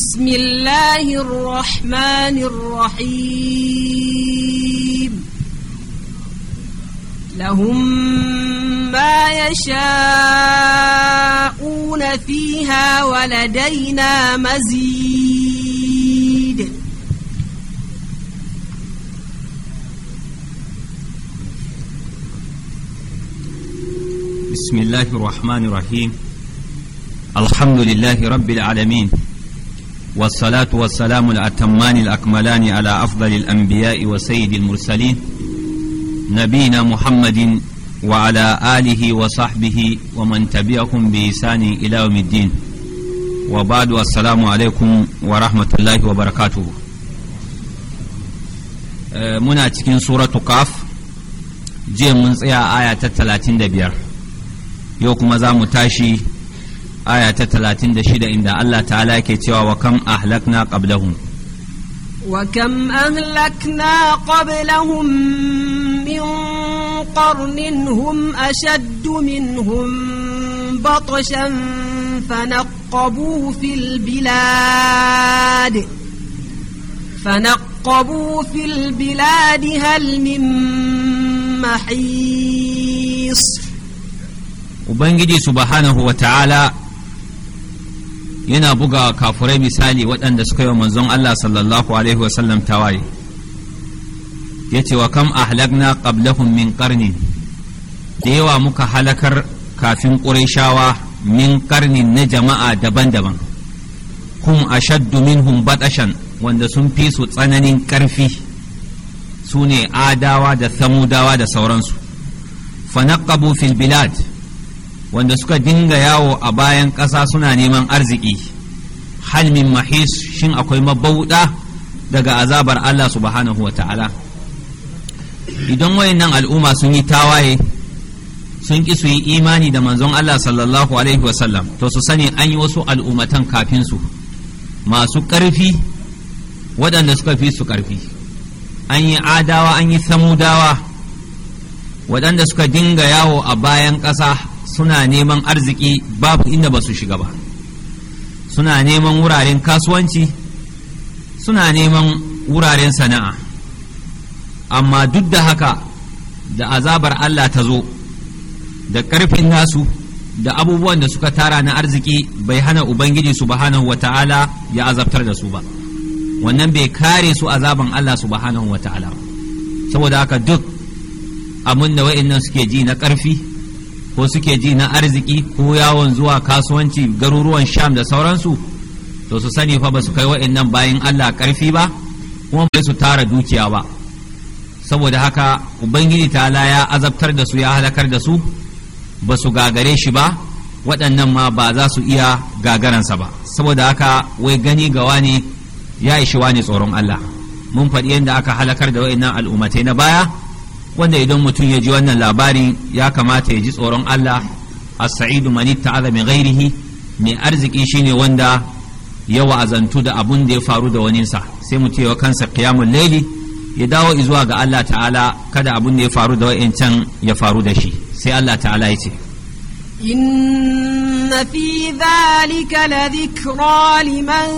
بسم الله الرحمن الرحيم لهم ما يشاءون فيها ولدينا مزيد بسم الله الرحمن الرحيم الحمد لله رب العالمين والصلاة والسلام الأتمان الأكملان على أفضل الأنبياء وسيد المرسلين نبينا محمد وعلى آله وصحبه ومن تبعهم بإحسان إلى يوم الدين وبعد السلام عليكم ورحمة الله وبركاته منا تكين سورة قاف جي من آية 35 يوكم زامو تاشي آية تتلاتين دشيدة إن الله تعالى كتوا وكم أهلكنا قبلهم وكم أهلكنا قبلهم من قرن هم أشد منهم بطشا فنقبوا في البلاد فنقبوا في البلاد هل من محيص وبنجي سبحانه وتعالى yana buga kafurai misali waɗanda suka yi wa manzon Allah sallallahu alaihi wasallam tawaye ya ce wa kam ahlakna qablahum min karni da yawa muka halakar kafin ƙurayshawa min karni na jama'a daban-daban hum ashaddu minhum batashan wanda sun fi su tsananin ƙarfi su ne adawa da samudawa da sauransu fanaqabu fil bilad wanda suka dinga yawo a bayan ƙasa suna neman arziki halmin mahis shin akwai mabauɗa daga azabar Allah subhanahu wa ta'ala idan wayannan al'umma sun yi tawaye sun ƙi su yi imani da manzon Allah sallallahu alaihi wasallam to su sani an yi wasu al'ummatan kafin su masu ƙarfi waɗanda suka fi su ƙarfi an yi adawa an yi samudawa waɗanda suka dinga yawo a bayan ƙasa suna neman arziki babu inda ba su shiga ba suna neman wuraren kasuwanci suna neman wuraren sana'a amma duk da haka da azabar Allah ta zo da ƙarfin nasu da abubuwan da suka tara na arziki bai hana ubangiji subhanahu ta'ala ya azabtar da su ba wannan bai kare su azaban Allah subhanahu ta'ala saboda haka duk abin da wa'in suke ji na ƙarfi ko suke ji na arziki ko yawon zuwa kasuwanci garuruwan sham da sauransu to su sani fa ba su kai wa'annan bayan allah karfi ba kuma ba su tara dukiya ba saboda haka ubangiji ta'ala ya azabtar da su ya halakar da su ba su gagare shi ba waɗannan ma ba za su iya gagaransa ba saboda haka wai gani gawa ne ya ishi wani tsoron allah mun faɗi yadda aka halakar da wa'annan al'ummatai na baya wanda idan mutum ya ji wannan labarin ya kamata ya ji tsoron Allah a saidu man ta'ala mai ghairihi mai arziki shine wanda ya wa'azantu da abun da ya faru da waninsa sai mutum ya kansa qiyamul layli ya dawo zuwa ga Allah ta'ala kada abun da ya faru da wa'incan ya faru da shi sai Allah ta'ala ya ce إن في ذلك لذكرى لمن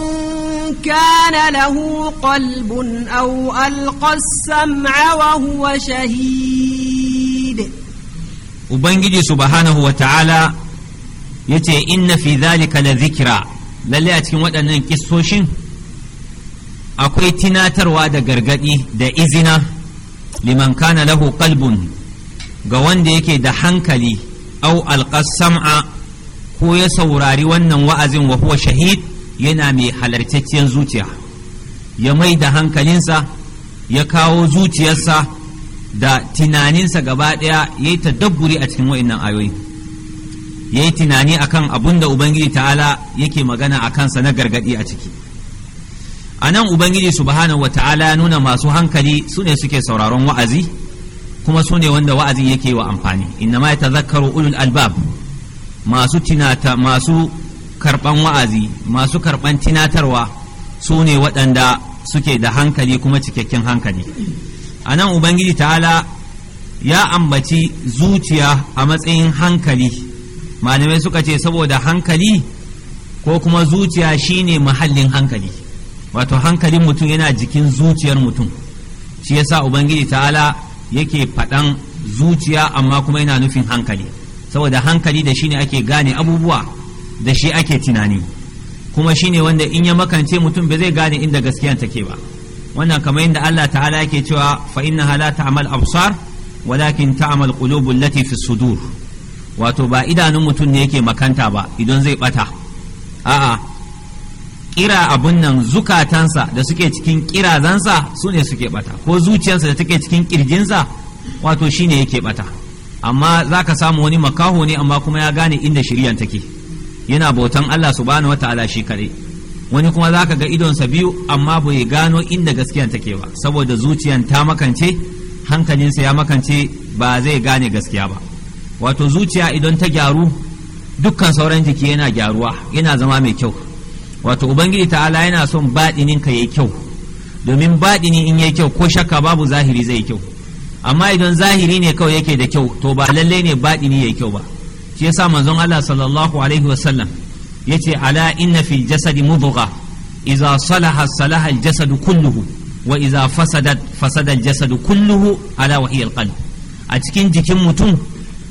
كان له قلب أو ألقى السمع وهو شهيد وبنجي سبحانه وتعالى يتي إن في ذلك لذكرى للي أتكين akwai tunatarwa da gargaɗi da izina liman kana lahu qalbun ga wanda yake da hankali au alqas ko ya saurari wannan wa'azin wa huwa shahid yana mai halartacciyar zuciya ya mai da hankalinsa ya kawo zuciyarsa da tunaninsa gaba ɗaya ya yi tadabburi a cikin wa'innan ayoyi ya yi tunani a kan abin da ubangiji ta'ala yake magana a kansa na gargaɗi a ciki a nan ubangiji subhanahu wa ta'ala ya nuna masu hankali su ne suke sauraron wa'azi kuma su ne wanda wa'azin yake wa amfani inna ma ya tazakkaru ulul albab masu tunata masu karɓan wa'azi masu karɓan tinatarwa su ne waɗanda suke da hankali kuma cikakken hankali a nan ubangiji ta'ala ya ambaci zuciya a matsayin hankali malamai suka ce saboda hankali ko kuma zuciya shine mahallin hankali wato hankalin mutum yana jikin zuciyar mutum shi yasa ubangiji ta'ala yake faɗan zuciya amma kuma yana nufin hankali saboda hankali da shine ake gane abubuwa da shi ake tunani kuma shine wanda in ya makance mutum ba zai gane inda gaskiya take ba wannan kamar yadda Allah ta'ala yake cewa fa innaha la ta'mal absar walakin ta'mal qulubul lati fi sudur wato ba idanun mutum ne yake makanta ba idan zai bata a'a kira abun nan zukatansa da suke cikin kirazansa su ne suke bata ko zuciyarsa da take cikin kirjinsa wato shine yake bata amma zaka samu wani makaho ne amma kuma ya gane inda shiriyan take yana bautan Allah subhanahu ta'ala shi kare wani kuma za ka ga idonsa biyu amma bai gano inda gaskiyan take ba saboda zuciyan ta makance hankalinsa ya makance ba zai gane gaskiya ba wato zuciya idan ta gyaru dukkan sauran jiki yana gyaruwa yana zama mai kyau wato ubangiji ta'ala yana son baɗinin ka yayi kyau domin baɗini in yayi kyau ko shakka babu zahiri zai yi kyau amma idan zahiri ne kawai yake da kyau to ba lallai ne baɗini yayi kyau ba shi yasa manzon Allah sallallahu alaihi wasallam yace ala inna fil jasadi mudgha idza salaha salaha al jasadu kulluhu wa idza fasadat fasada al jasadu kulluhu ala wa al qalb a cikin jikin mutum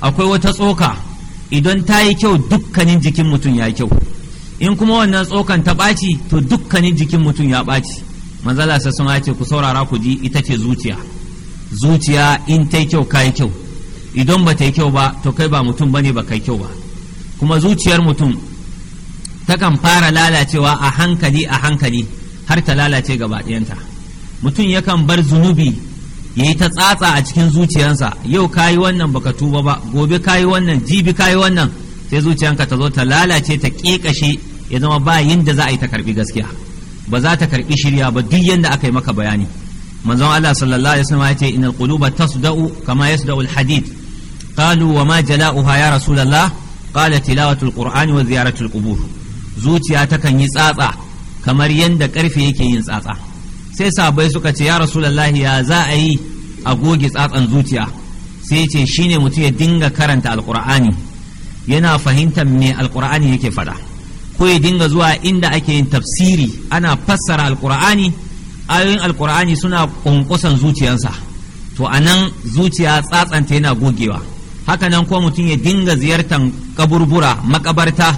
akwai wata tsoka idan ta yi kyau dukkanin jikin mutum ya yi kyau in kuma wannan tsokan ta ɓaci to dukkanin jikin mutum ya ɓaci manzala sassan ya ce ku saurara ku ji ita ce zuciya zuciya in ta yi kyau ka yi kyau idan ba ta yi kyau ba to kai ba mutum ba ne ba kai kyau ba kuma zuciyar mutum takan fara lalacewa a hankali a hankali har ta lalace gaba ɗayanta mutum yakan bar zunubi ya yi ta tsatsa a cikin zuciyarsa yau ka yi wannan baka tuba ba gobe ka yi wannan jibi ka yi wannan sai zuciyanka ta zo ta lalace ta ƙeƙashe ya zama ba yadda za a yi ta karɓi gaskiya ba za ta karɓi shirya ba duk yadda aka yi maka bayani manzon Allah sallallahu alaihi wasallam ya ce innal quluba tasda'u kama yasda'u al-hadid Kalu wa ma uha ya rasulullah kala tilawatul qur'ani wa ziyaratul qubur zuciya takan yi tsatsa kamar yadda karfe yake yin tsatsa sai sabai suka ce ya rasulallah ya za a yi a goge tsatsan zuciya sai ce shine mutum ya dinga karanta alqur'ani yana fahimtar me alqur'ani yake faɗa ko ya dinga zuwa inda ake yin tafsiri ana fassara alqur'ani ayoyin alqur'ani suna kunkusan zuciyansa to anan zuciya tsatsanta yana gogewa haka nan ko mutum ya dinga ziyartar kaburbura makabarta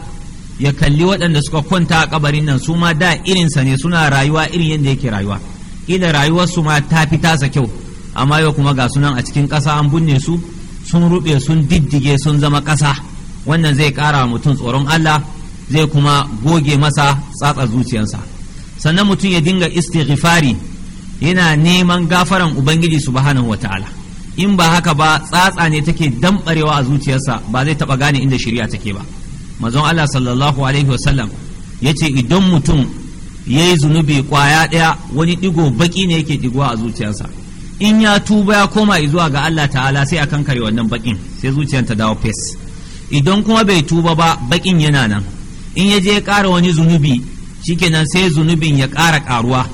ya kalli waɗanda suka kwanta a kabarin nan su ma da irinsa ne suna rayuwa irin yadda yake rayuwa ƙila rayuwarsu ma ta fi tasa kyau amma yau kuma ga sunan a cikin ƙasa an binne su sun ruɓe sun diddige sun zama ƙasa wannan zai ƙara mutum tsoron Allah zai kuma goge masa tsatsa zuciyarsa sannan mutum ya dinga istighfari yana neman gafaran ubangiji subhanahu wataala in ba haka ba tsatsa ne take dambarewa a zuciyarsa ba zai taɓa gane inda shari'a take ba manzon Allah sallallahu alaihi wasallam ce idan mutum ya yi zunubi kwaya ɗaya wani ɗigo baƙi ne yake digowa a zuciyarsa in ya tuba ya koma zuwa ga Allah ta'ala sai a kankare wannan bakin sai zuciyar ta dawo fes idan kuma bai tuba ba baƙin yana nan in ya je ya ƙara wani zunubi shi shikenan sai zunubin ya ƙara ƙaruwa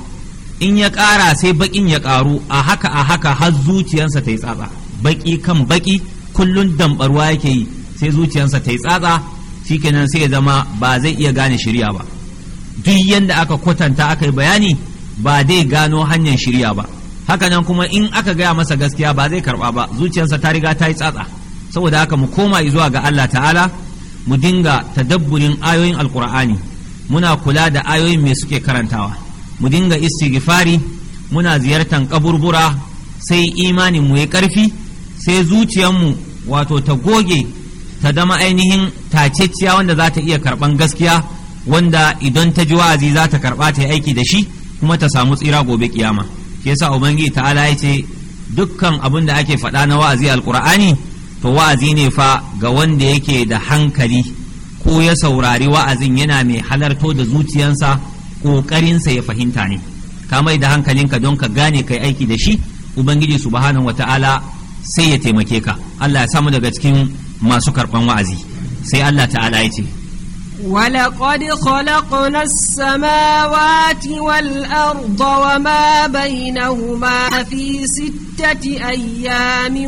in ya ƙara sai baƙin ya ƙaru a haka a haka har zuciyarsa ta yi tsatsa baƙi kan baƙi kullun damɓarwa yake yi sai zuciyarsa ta yi tsatsa shikenan sai ya zama ba zai iya gane shirya ba duk yadda aka kwatanta aka yi bayani ba dai gano hanyar shirya ba haka nan kuma in aka gaya masa gaskiya ba zai karɓa ba zuciyarsa ta riga ta yi tsatsa saboda haka mu koma zuwa ga Allah ta'ala mu dinga tadabburin ayoyin alkur'ani muna kula da ayoyin me suke karantawa mu dinga istighfari muna ziyartan kaburbura sai imanin mu ya karfi sai zuciyarmu wato ta goge ta dama ainihin tacecciya wanda za ta iya karban gaskiya wanda idan ta ji wa'azi za ta karba ta yi aiki da shi kuma ta samu tsira gobe kiyama ke sa ubangiji ta'ala ya ce dukkan abin da ake faɗa na wa'azi alkur'ani to wa'azi ne fa ga wanda yake da hankali ko ya saurari wa'azin yana mai halarto da zuciyarsa. ƙoƙarinsa ya fahimta ne ka mai da hankalinka don ka gane kai aiki da shi ubangiji subhanahu wata'ala sai ya taimake ka Allah ya samu daga cikin masu karɓan wa'azi sai Allah ta'ala ya ce ولقد خلقنا السماوات والأرض وما بينهما في ستة أيام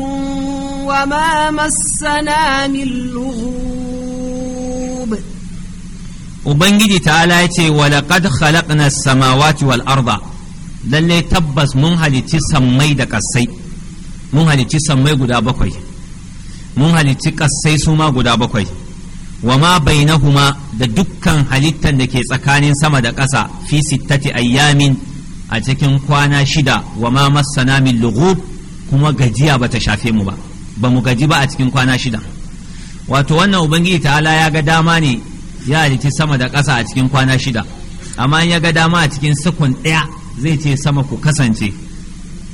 وما مسنا من لغوب ubangiji ta'ala ya ce walaqad khalaqna samawati wal arda lalle tabbas mun halicci sammai da kassai mun halicci sammai guda bakwai mun halicci kassai su ma guda bakwai wa ma bainahuma da dukkan halittan da ke tsakanin sama da ƙasa fi sittati ayyamin a cikin kwana shida wa ma massana min lughub kuma gajiya bata shafe mu ba ba mu gaji ba a cikin kwana shida wato wannan ubangiji ta'ala ya ga dama ne ya halitti sama da ƙasa a cikin kwana shida amma in ya ga dama a cikin sukun ɗaya zai ce sama ku kasance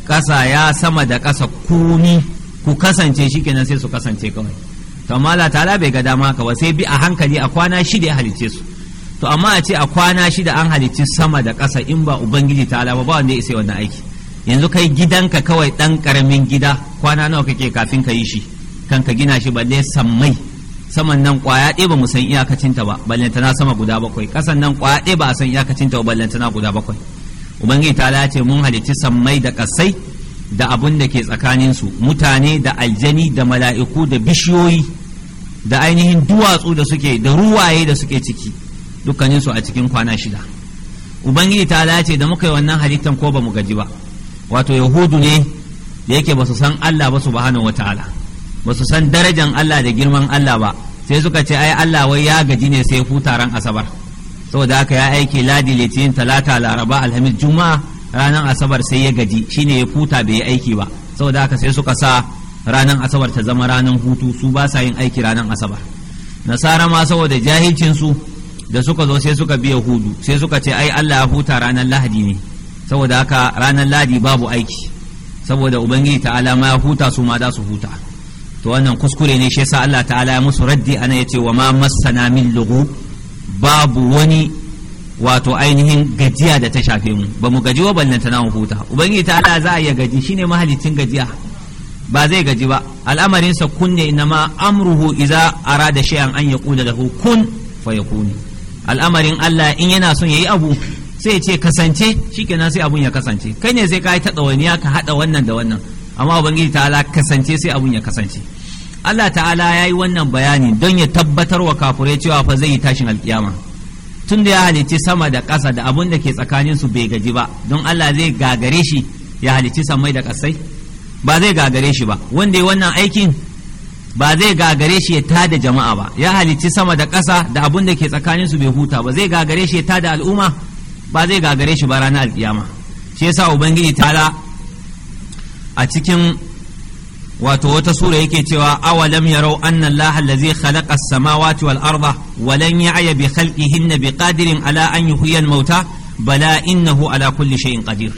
ƙasa ya sama da ƙasa komi ku kasance shi kenan sai su kasance kawai to amma Allah ta'ala bai ga dama haka sai bi a hankali a kwana shida ya halicce su to amma a ce a kwana shida an halicci sama da ƙasa in ba ubangiji ta'ala ba ba wanda ya isa wannan aiki yanzu kai gidanka kawai ɗan ƙaramin gida kwana nawa kake kafin ka yi shi kan ka gina shi balle sammai saman nan kwaya ɗaya ba mu san iyakacinta ba ballantana sama guda bakwai ƙasan nan kwaya ɗaya ba a san iyakacinta ba ballantana guda bakwai ubangiji ta ce mun halicci sammai da ƙasai da abun da ke tsakaninsu mutane da aljani da mala'iku da bishiyoyi da ainihin duwatsu da suke da ruwaye da suke ciki dukkaninsu a cikin kwana shida ubangiji ta ce da muka yi wannan halittan ko ba mu gaji ba wato yahudu ne da yake ba su san allah ba subhanahu wataala ba su san darajan Allah da girman Allah ba sai suka ce ai Allah wai ya gaji ne sai huta ran asabar saboda haka ya aiki ladi litinin talata laraba alhamis juma'a ranar asabar sai ya gaji shine ya futa bai aiki ba saboda haka sai suka sa ranar asabar ta zama ranar hutu su ba sa yin aiki ranar asabar nasara ma saboda jahilcin su da suka zo sai suka biya hudu sai suka ce ai Allah ya huta ranar lahadi ne saboda haka ranar lahadi babu aiki saboda ubangiji ta'ala ma ya huta su ma za su huta to wannan kuskure ne shi yasa Allah ta'ala ya musu raddi ana yace wa ma massana min lugu babu wani wato ainihin gajiya da ta shafe mu ba mu gaji wa ballanta na huta ubangiji ta'ala za a iya gaji shine mahalicin gajiya ba zai gaji ba al'amarinsa kunne inama amruhu idza arada shay'an an yaqula lahu kun fayakun al'amarin Allah in yana son yayi abu sai ya ce kasance shikenan sai abun ya kasance kai ne sai ka yi ta ɗawainiya ka haɗa wannan da wannan amma ubangiji ta'ala kasance sai abun ya kasance Allah ta'ala ya yi wannan bayani don ya tabbatar wa kafure cewa fa zai yi tashin alkiyama tun da ya halicci sama da ƙasa da abun da ke tsakanin su bai gaji ba don Allah zai gagare shi ya halicci samai da ƙasai ba zai gagare shi ba wanda ya wannan aikin ba zai gagare shi ya tada jama'a ba ya halicci sama da ƙasa da abun da ke tsakanin su bai huta ba zai gagare shi ya tada al'umma ba zai gagare shi ba ranar alkiyama shi yasa ubangiji ala. a cikin wato wata sura yake cewa awalam yarau anna allaha allazi khalaqa as-samawati wal arda wa lan ya'ya bi khalqihinna bi qadirin ala an yuhyiya al-mauta bala innahu ala kulli shay'in qadir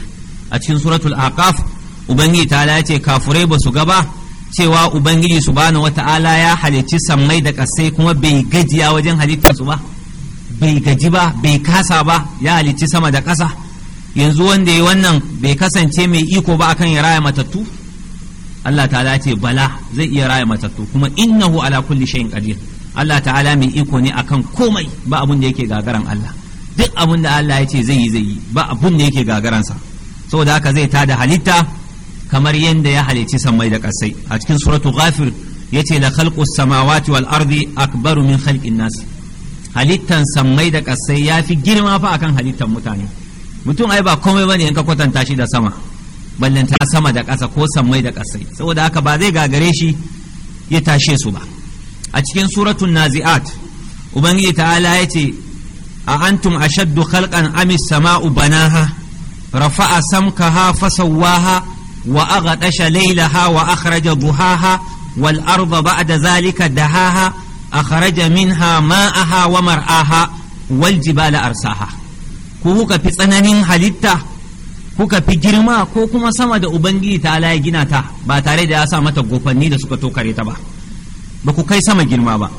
a cikin suratul aqaf ubangiji ta'ala ya ce kafurai ba su gaba cewa ubangiji subhanahu wata'ala ya halicci sammai da kasai kuma bai gajiya wajen halittar su ba bai gaji ba bai kasa ba ya halicci sama da kasa yanzu wanda ya wannan bai kasance mai iko ba akan ya raya matattu Allah ta'ala ce bala zai iya raya matattu kuma innahu ala kulli shay'in qadir Allah ta'ala mai iko ne akan komai ba abun da yake gagaran Allah duk abun da Allah ya ce zai yi zai yi ba abun da yake gagaransa saboda haka zai tada halitta kamar yadda ya halicci sammai da kasai a cikin suratu ghafir yace la khalqus samawati wal ardi akbaru min khalqin nas halittan sammai da kasai fi girma fa akan halittan mutane mutum ai ba komai bane in ka kwatanta shi da sama ta sama da ƙasa ko sammai da ƙasai saboda haka ba zai gagare shi ya tashe su ba a cikin suratun nazi'at ubangiji ta'ala ya ce a antum ashaddu khalqan amis sama'u banaha rafa'a samkaha fasawwaha wa aghadasha laylaha wa akhraja duhaha wal arda ba'da zalika dahaha akhraja minha ma'aha wa mar'aha wal jibala arsaha ko kuka fi tsananin halitta kuka fi girma ko kuma sama da ubangiji ta ya gina ta ba tare da ya sa mata gofanni da suka tokare ta ba ba ku kai sama girma ba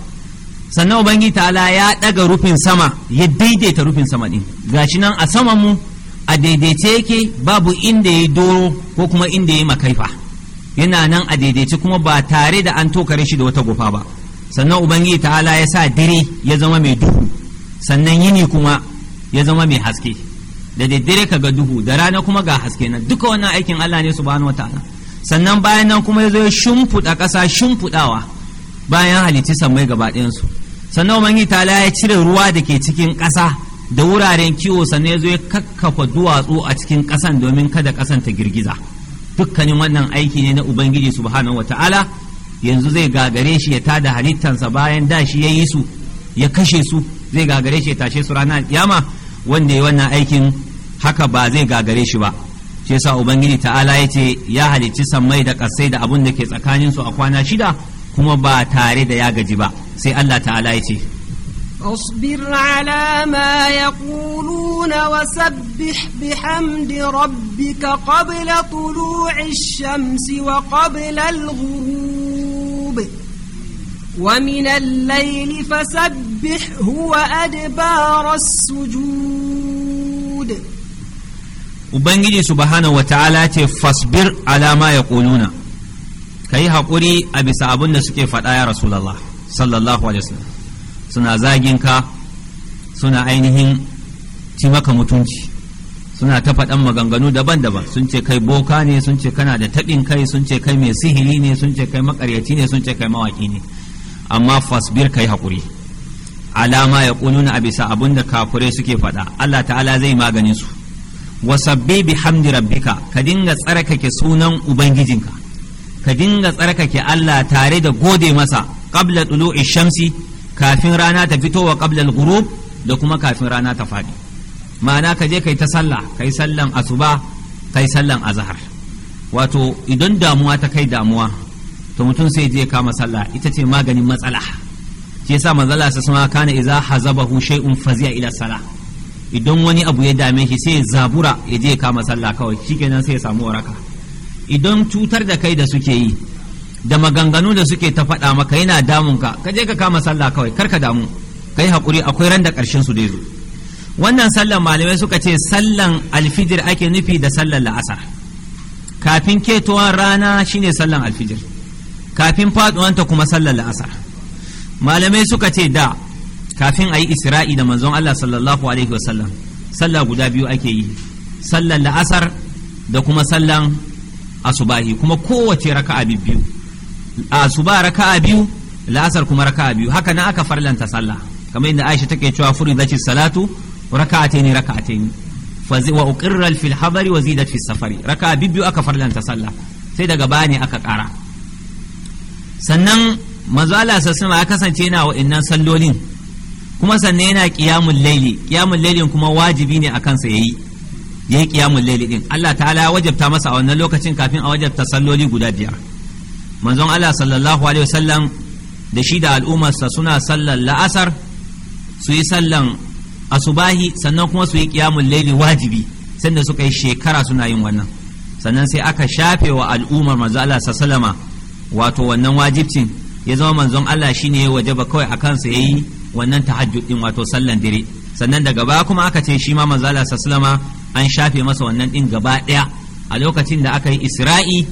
sannan ubangiji ta ya daga rufin sama ya daidaita rufin sama din gashi nan a saman mu a daidaice yake babu inda ya doro ko kuma inda ya makaifa yana nan a daidaice kuma ba tare da an tokare shi da wata gofa ba sannan ubangiji ta ya sa dire ya zama mai duhu sannan yini kuma ya zama mai haske da daddare ka ga duhu da rana kuma ga haske nan duka wannan aikin Allah ne subhanahu wataala sannan bayan nan kuma ya zo ya kasa ƙasa shimfiɗawa bayan halitti sammai gaba ɗayansu sannan ubangi tala ya cire ruwa da ke cikin kasa da wuraren kiwo sannan ya zo ya kakkafa duwatsu a cikin kasan domin kada kasan ta girgiza dukkanin wannan aiki ne na ubangiji subhanahu wataala yanzu zai gagare shi ya tada halittansa bayan da shi ya yi su ya kashe su zai gagare shi ya tashe su ranar kiyama wanda ya wannan aikin haka ba zai gagare shi ba shi yasa ubangiji ta'ala ya ce ya halicci sammai da kasai da abun da ke tsakanin su a kwana shida kuma ba tare da ya gaji ba sai Allah ta'ala ya ce اصبر على ما يقولون وسبح بحمد ربك قبل طلوع الشمس وقبل الغروب ومن الليل فسبح هو أدبار السجود Ubangiji سبحانه وتعالى ta'ala ce fasbir alama ya هقولي ka yi haƙuri a bisa abin da suke faɗa ya Rasulallah, sallallahu alaihi wasallam suna zagin ka, suna ainihin mutunci, suna ta faɗan maganganu daban-daban, sun ce kai boka ne, sun ce kana da taɓin kai, sun ce kai mai sihiri ne, sun ce kai maƙaryaci ne, sun ce kai mawaƙi ne, amma fasbir ka yi haƙuri. alama ya kununa a bisa abin da kafurai suke faɗa Allah ta'ala zai maganin su wasabbi bi hamdi rabbika ka dinga tsarkake sunan ubangijinka ka dinga tsarkake Allah tare da gode masa qabla tulu'i shamsi kafin rana ta fito wa qabla al-ghurub da kuma kafin rana ta faɗi ma'ana ka je kai ta sallah kai sallan asuba kai sallan azhar wato idan damuwa ta kai damuwa to mutum sai je kama sallah ita ce maganin matsala shi yasa manzala sa sama kana idza hazabahu shay'un fazi'a ila sala idan wani abu ya dame shi sai zabura ya je kama sallah kawai shikenan sai ya samu waraka idan cutar da kai da suke yi da maganganu da suke ta faɗa maka yana damun ka ka je ka kama sallah kawai kar ka damu kai hakuri akwai ran da ƙarshen su dai zo wannan sallan malamai suka ce sallan alfijir ake nufi da sallan la'asar kafin ketowar rana shine sallan alfijir kafin faduwanta kuma sallan la'asar malamai suka ce da kafin a yi isra'i da manzon Allah sallallahu alaihi wasallam sallah guda biyu ake yi sallar la'asar da kuma sallan asubahi kuma kowace raka'a biyu asuba raka'a biyu la'asar kuma raka'a biyu haka na aka farlanta sallah kamar inda Aisha take cewa furin zaci salatu raka'atayn raka'atayn wa uqirra fil habari wa zidat fi safari raka'a biyu aka farlanta sallah sai daga bani aka kara sannan manzo Allah sassama ya kasance yana wa'annan sallolin kuma sannan yana kiyamun laili kiyamun lailin kuma wajibi ne a ya yi ya yi kiyamun laili din Allah ta'ala ya wajabta masa a wannan lokacin kafin a wajabta salloli guda biyar manzon Allah sallallahu alaihi wasallam da shi da al'ummarsa suna sallar la'asar su yi sallan asubahi sannan kuma su yi kiyamun laili wajibi sanda suka yi shekara suna yin wannan sannan sai aka shafe wa al'ummar manzo Allah sallama wato wannan wajibcin ya zama manzon Allah shine ya wajaba kawai a kansa yayi wannan tahajjud din wato sallan dare sannan daga baya kuma aka ce shi ma manzon Allah sallama an shafe masa wannan din gaba daya a lokacin da aka yi Isra'i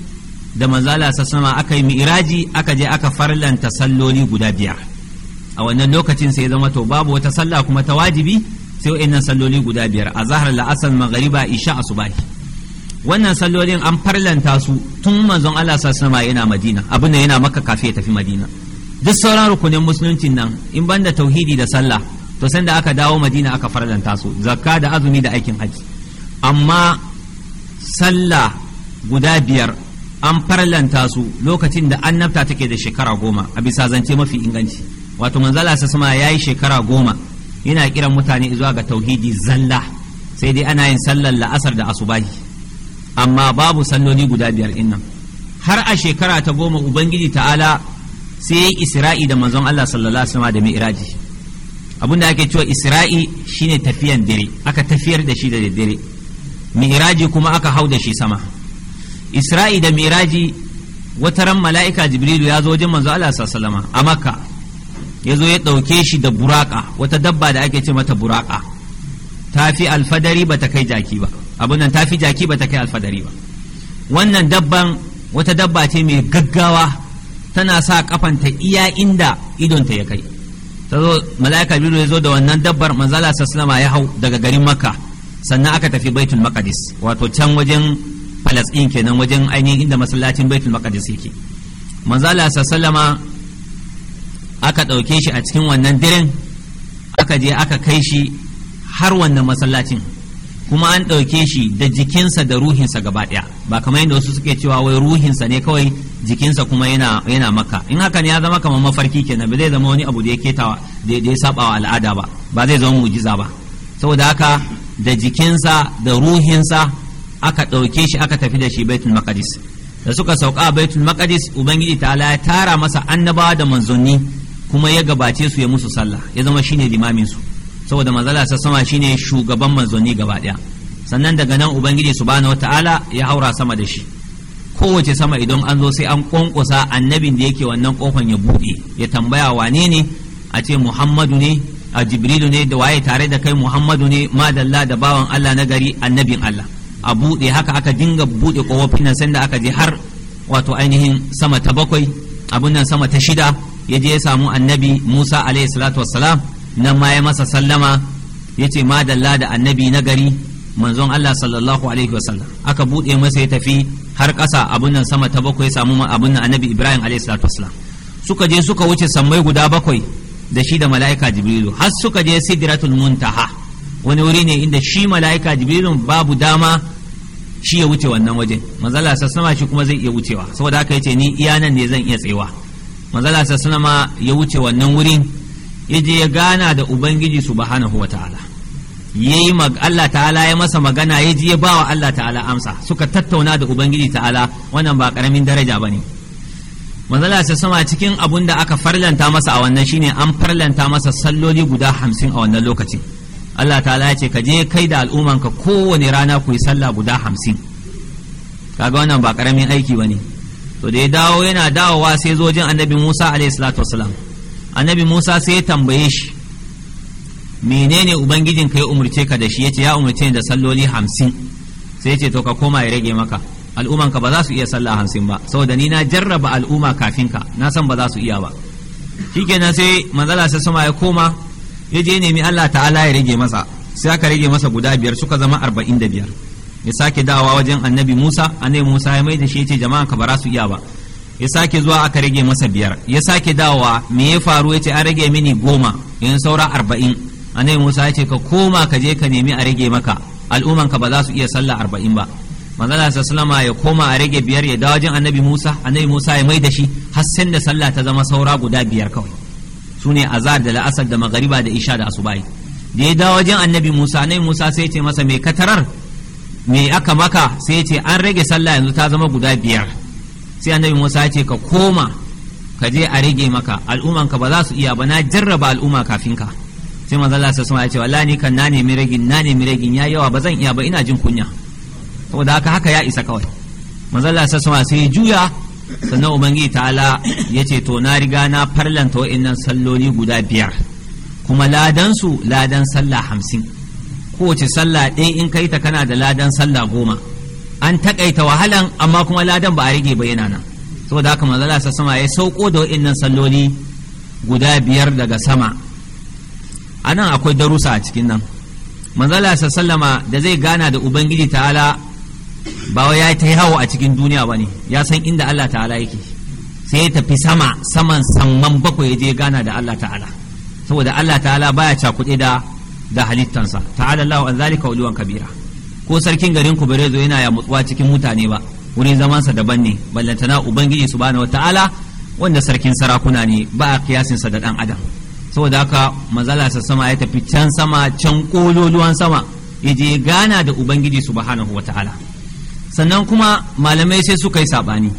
da manzon Allah sallama aka yi Mi'raji aka je aka farlanta salloli guda biyar a wannan lokacin sai ya zama to babu wata sallah kuma ta wajibi sai wa'annan salloli guda biyar a zahar la'asar maghriba isha asubahi wannan sallolin an farlanta su tun manzon Allah sassama yana madina abin yana maka kafi ya tafi madina duk sauran rukunin musulunci nan in banda tauhidi da sallah to san da aka dawo madina aka farlanta su zakka da azumi da aikin haji amma sallah guda biyar an farlanta su lokacin da annabta take da shekara goma a bisa zance mafi inganci wato sallallahu alaihi ya yi shekara goma yana kiran mutane zuwa ga tauhidi zalla sai dai ana yin sallar la'asar da asubahi amma babu salloli guda biyar din nan har a shekara ta goma ubangiji ta'ala sai yayi isra'i da manzon Allah sallallahu alaihi wasallam da mi'raji abinda ake cewa isra'i shine tafiyan dare aka tafiyar da shi da dare mi'raji kuma aka hau da shi sama isra'i da mi'raji ran mala'ika jibrilu ya zo wajen manzon Allah sallallahu alaihi wasallam a makka ya zo ya ɗauke shi da buraka wata dabba da ake ce mata buraka ta fi alfadari ba ta kai jaki ba abin nan tafi jaki ba ta kai alfadari ba wannan dabban wata dabba ce mai gaggawa tana sa kafanta iya inda idonta ya kai ta zo mala'ika biyu ya zo da wannan dabbar manzala sallama ya hau daga garin makka sannan aka tafi baitul maqdis wato can wajen falasɗin kenan wajen ainihin inda masallacin baitul maqdis yake manzala sallama aka ɗauke shi a cikin wannan diren aka je aka kai shi har wannan masallacin kuma an ɗauke shi da jikinsa da ruhinsa gaba ɗaya ba kamar yadda wasu suke cewa wai ruhinsa ne kawai jikinsa kuma yana maka in haka ne ya zama kamar mafarki kenan ba zai zama wani abu da ya ketawa da ya saba wa al'ada ba ba zai zama mu'jiza ba saboda haka da jikinsa da ruhinsa aka ɗauke shi aka tafi da shi baitul maqdis da suka sauka a baitul maqdis ubangiji ta'ala ya tara masa annabawa da manzanni kuma ya gabace su ya musu sallah ya zama shine limamin su saboda manzala sa sama shine shugaban manzoni gaba daya sannan daga nan ubangiji subhanahu wataala ya haura sama da shi kowace sama idan an zo sai an kwankwasa annabin da yake wannan kofan ya buɗe ya tambaya wane ne a ce muhammadu ne a jibrilu ne da waye tare da kai muhammadu ne madalla da bawan allah na gari annabin allah a buɗe haka aka dinga buɗe kofofin nan sanda aka je har wato ainihin sama ta bakwai abin nan sama ta shida ya je ya samu annabi musa alaihi salatu wassalam nan ma ya masa sallama ya ce madalla da annabi na gari manzon Allah sallallahu alaihi wasallam aka buɗe masa ya tafi har ƙasa abun nan sama ta bakwai samu abun nan annabi Ibrahim alaihi salatu wasallam suka je suka wuce sammai guda bakwai da shi da mala'ika Jibrilu har suka je Sidratul Muntaha wani wuri ne inda shi mala'ika Jibrilu babu dama shi ya wuce wannan wajen manzala sassama shi kuma zai iya wucewa saboda haka yace ni iya nan ne zan iya tsayawa manzala sassama ya wuce wannan wurin ya ya gana da ubangiji subhanahu wa ta'ala yayi Allah ta'ala ya masa magana ya je ya ba wa Allah ta'ala amsa suka tattauna da ubangiji ta'ala wannan ba karamin daraja bane manzala sai sama cikin abun da aka farlanta masa a wannan shine an farlanta masa salloli guda hamsin a wannan lokacin Allah ta'ala ya ce ka je kai da ka kowane rana ku yi sallah guda hamsin kaga wannan ba karamin aiki bane to da ya dawo yana dawowa sai zo jin annabi Musa alaihi salatu wasalam annabi Musa sai ya tambaye shi menene ubangijin ka ya umarce ka da shi yace ya umurce ni da salloli hamsin sai yace to ka koma ya rage maka al'umman ka ba za su iya sallah hamsin ba saboda ni na jarraba al'umma kafin ka na san ba za su iya ba shikenan sai manzala sai sama ya koma ya je nemi Allah ta'ala ya rage masa sai aka rage masa guda biyar suka zama arba'in da biyar ya sake dawa wajen annabi Musa annabi Musa ya mai da shi yace jama'a ka ba za su iya ba ya sake zuwa aka rage masa biyar ya sake dawowa me ya faru ya ce an rage mini goma in saura arba'in a ne musa ya ce ka koma ka je ka nemi a rage maka al'umman ka ba za su iya sallah arba'in ba manzala salama ya koma a rage biyar ya dawo jin annabi musa annabi musa ya mai da shi har sai da sallah ta zama saura guda biyar kawai su ne azar da la'asar da magariba da isha da asubai da ya dawo jin annabi musa annabi musa sai ya ce masa mai katarar me aka maka sai ya ce an rage sallah yanzu ta zama guda biyar sai annabi Musa ya ce ka koma ka je a rage maka al'umman ka ba za su iya ba na jarraba al'umma kafin ka sai manzo Allah sai ya ce wallahi ni kan na nemi ragin na nemi ragin ya yawa ba zan iya ba ina jin kunya saboda haka haka ya isa kawai manzo Allah sai sai juya sannan ubangiji ta'ala ya ce to na riga na farlanta wa'annan salloli guda biyar kuma ladan su ladan sallah hamsin kowace sallah ɗaya in kai ta kana da ladan sallah goma an takaita wahalan amma kuma ladan ba a rage ba yana nan saboda haka manzo Allah sama ya sauko da wa'annan salloli guda biyar daga sama anan akwai darusa a cikin nan manzo Allah sallama da zai gana da ubangiji ta'ala ba wai ya ta hawa a cikin duniya bane ya san inda Allah ta'ala yake sai ya tafi sama saman samman bakwai ya je gana da Allah ta'ala saboda Allah ta'ala baya cakuɗe da da halittansa ta'ala Allahu an zalika uluwan kabira ko sarkin garin ku bare zo yana ya mutsuwa cikin mutane ba wurin zamansa daban ne ballantana ubangiji subhanahu wataala wanda sarkin sarakuna ne ba a kiyasin da dan adam saboda haka mazala sa sama ya tafi can sama can kololuwan sama ya je gana da ubangiji subhanahu wataala sannan kuma malamai sai suka yi sabani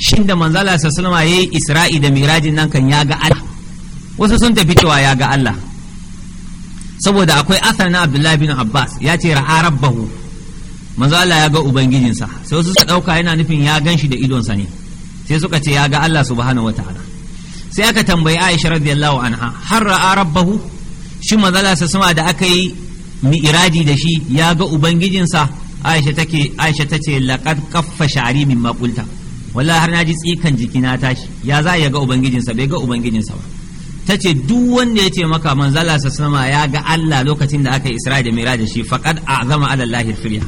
shin da manzala sa sallama yayi isra'i da mirajin nan kan ya ga Allah wasu sun tafi cewa ya ga Allah saboda akwai asar na Abdullahi bin Abbas ya ce ra'a rabbahu manzo Allah ya ga ubangijinsa sai wasu suka dauka yana nufin ya gan shi da sa ne sai suka ce ya ga Allah subhanahu wataala sai aka tambayi Aisha radiyallahu anha har ra'a rabbahu shi manzo Allah sama da aka yi mi'raji da shi ya ga ubangijinsa Aisha take Aisha tace laqad kaffa sha'ri min maqulta wallahi har naji tsikan jikina tashi ya za ya ga ubangijinsa bai ga ubangijinsa ba tace duk wanda ya ce maka manzala sa sama ya ga Allah lokacin da aka yi Isra da Mi'raj da shi faqad a'zama ala Allahil firya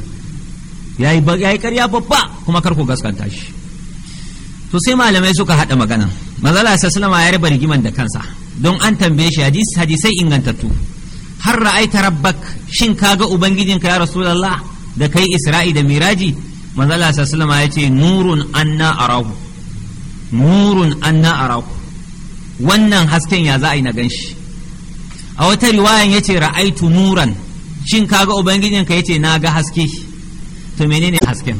ya yi karya babba kuma kar ku gaskanta shi to sai malamai suka haɗa magana mazala sallama ya raba rigiman da kansa don an tambaye shi hadis hadisai ingantattu har ra'aita rabbak shin ka ga ubangijinka ya rasulullah da kai isra'i da miraji mazala sallama ya ce nurun anna arahu nurun anna arahu wannan hasken ya za a yi na ganshi a wata riwayan yace ra'aitu nuran shin kaga ubangijinka ya ce na ga haske to menene hasken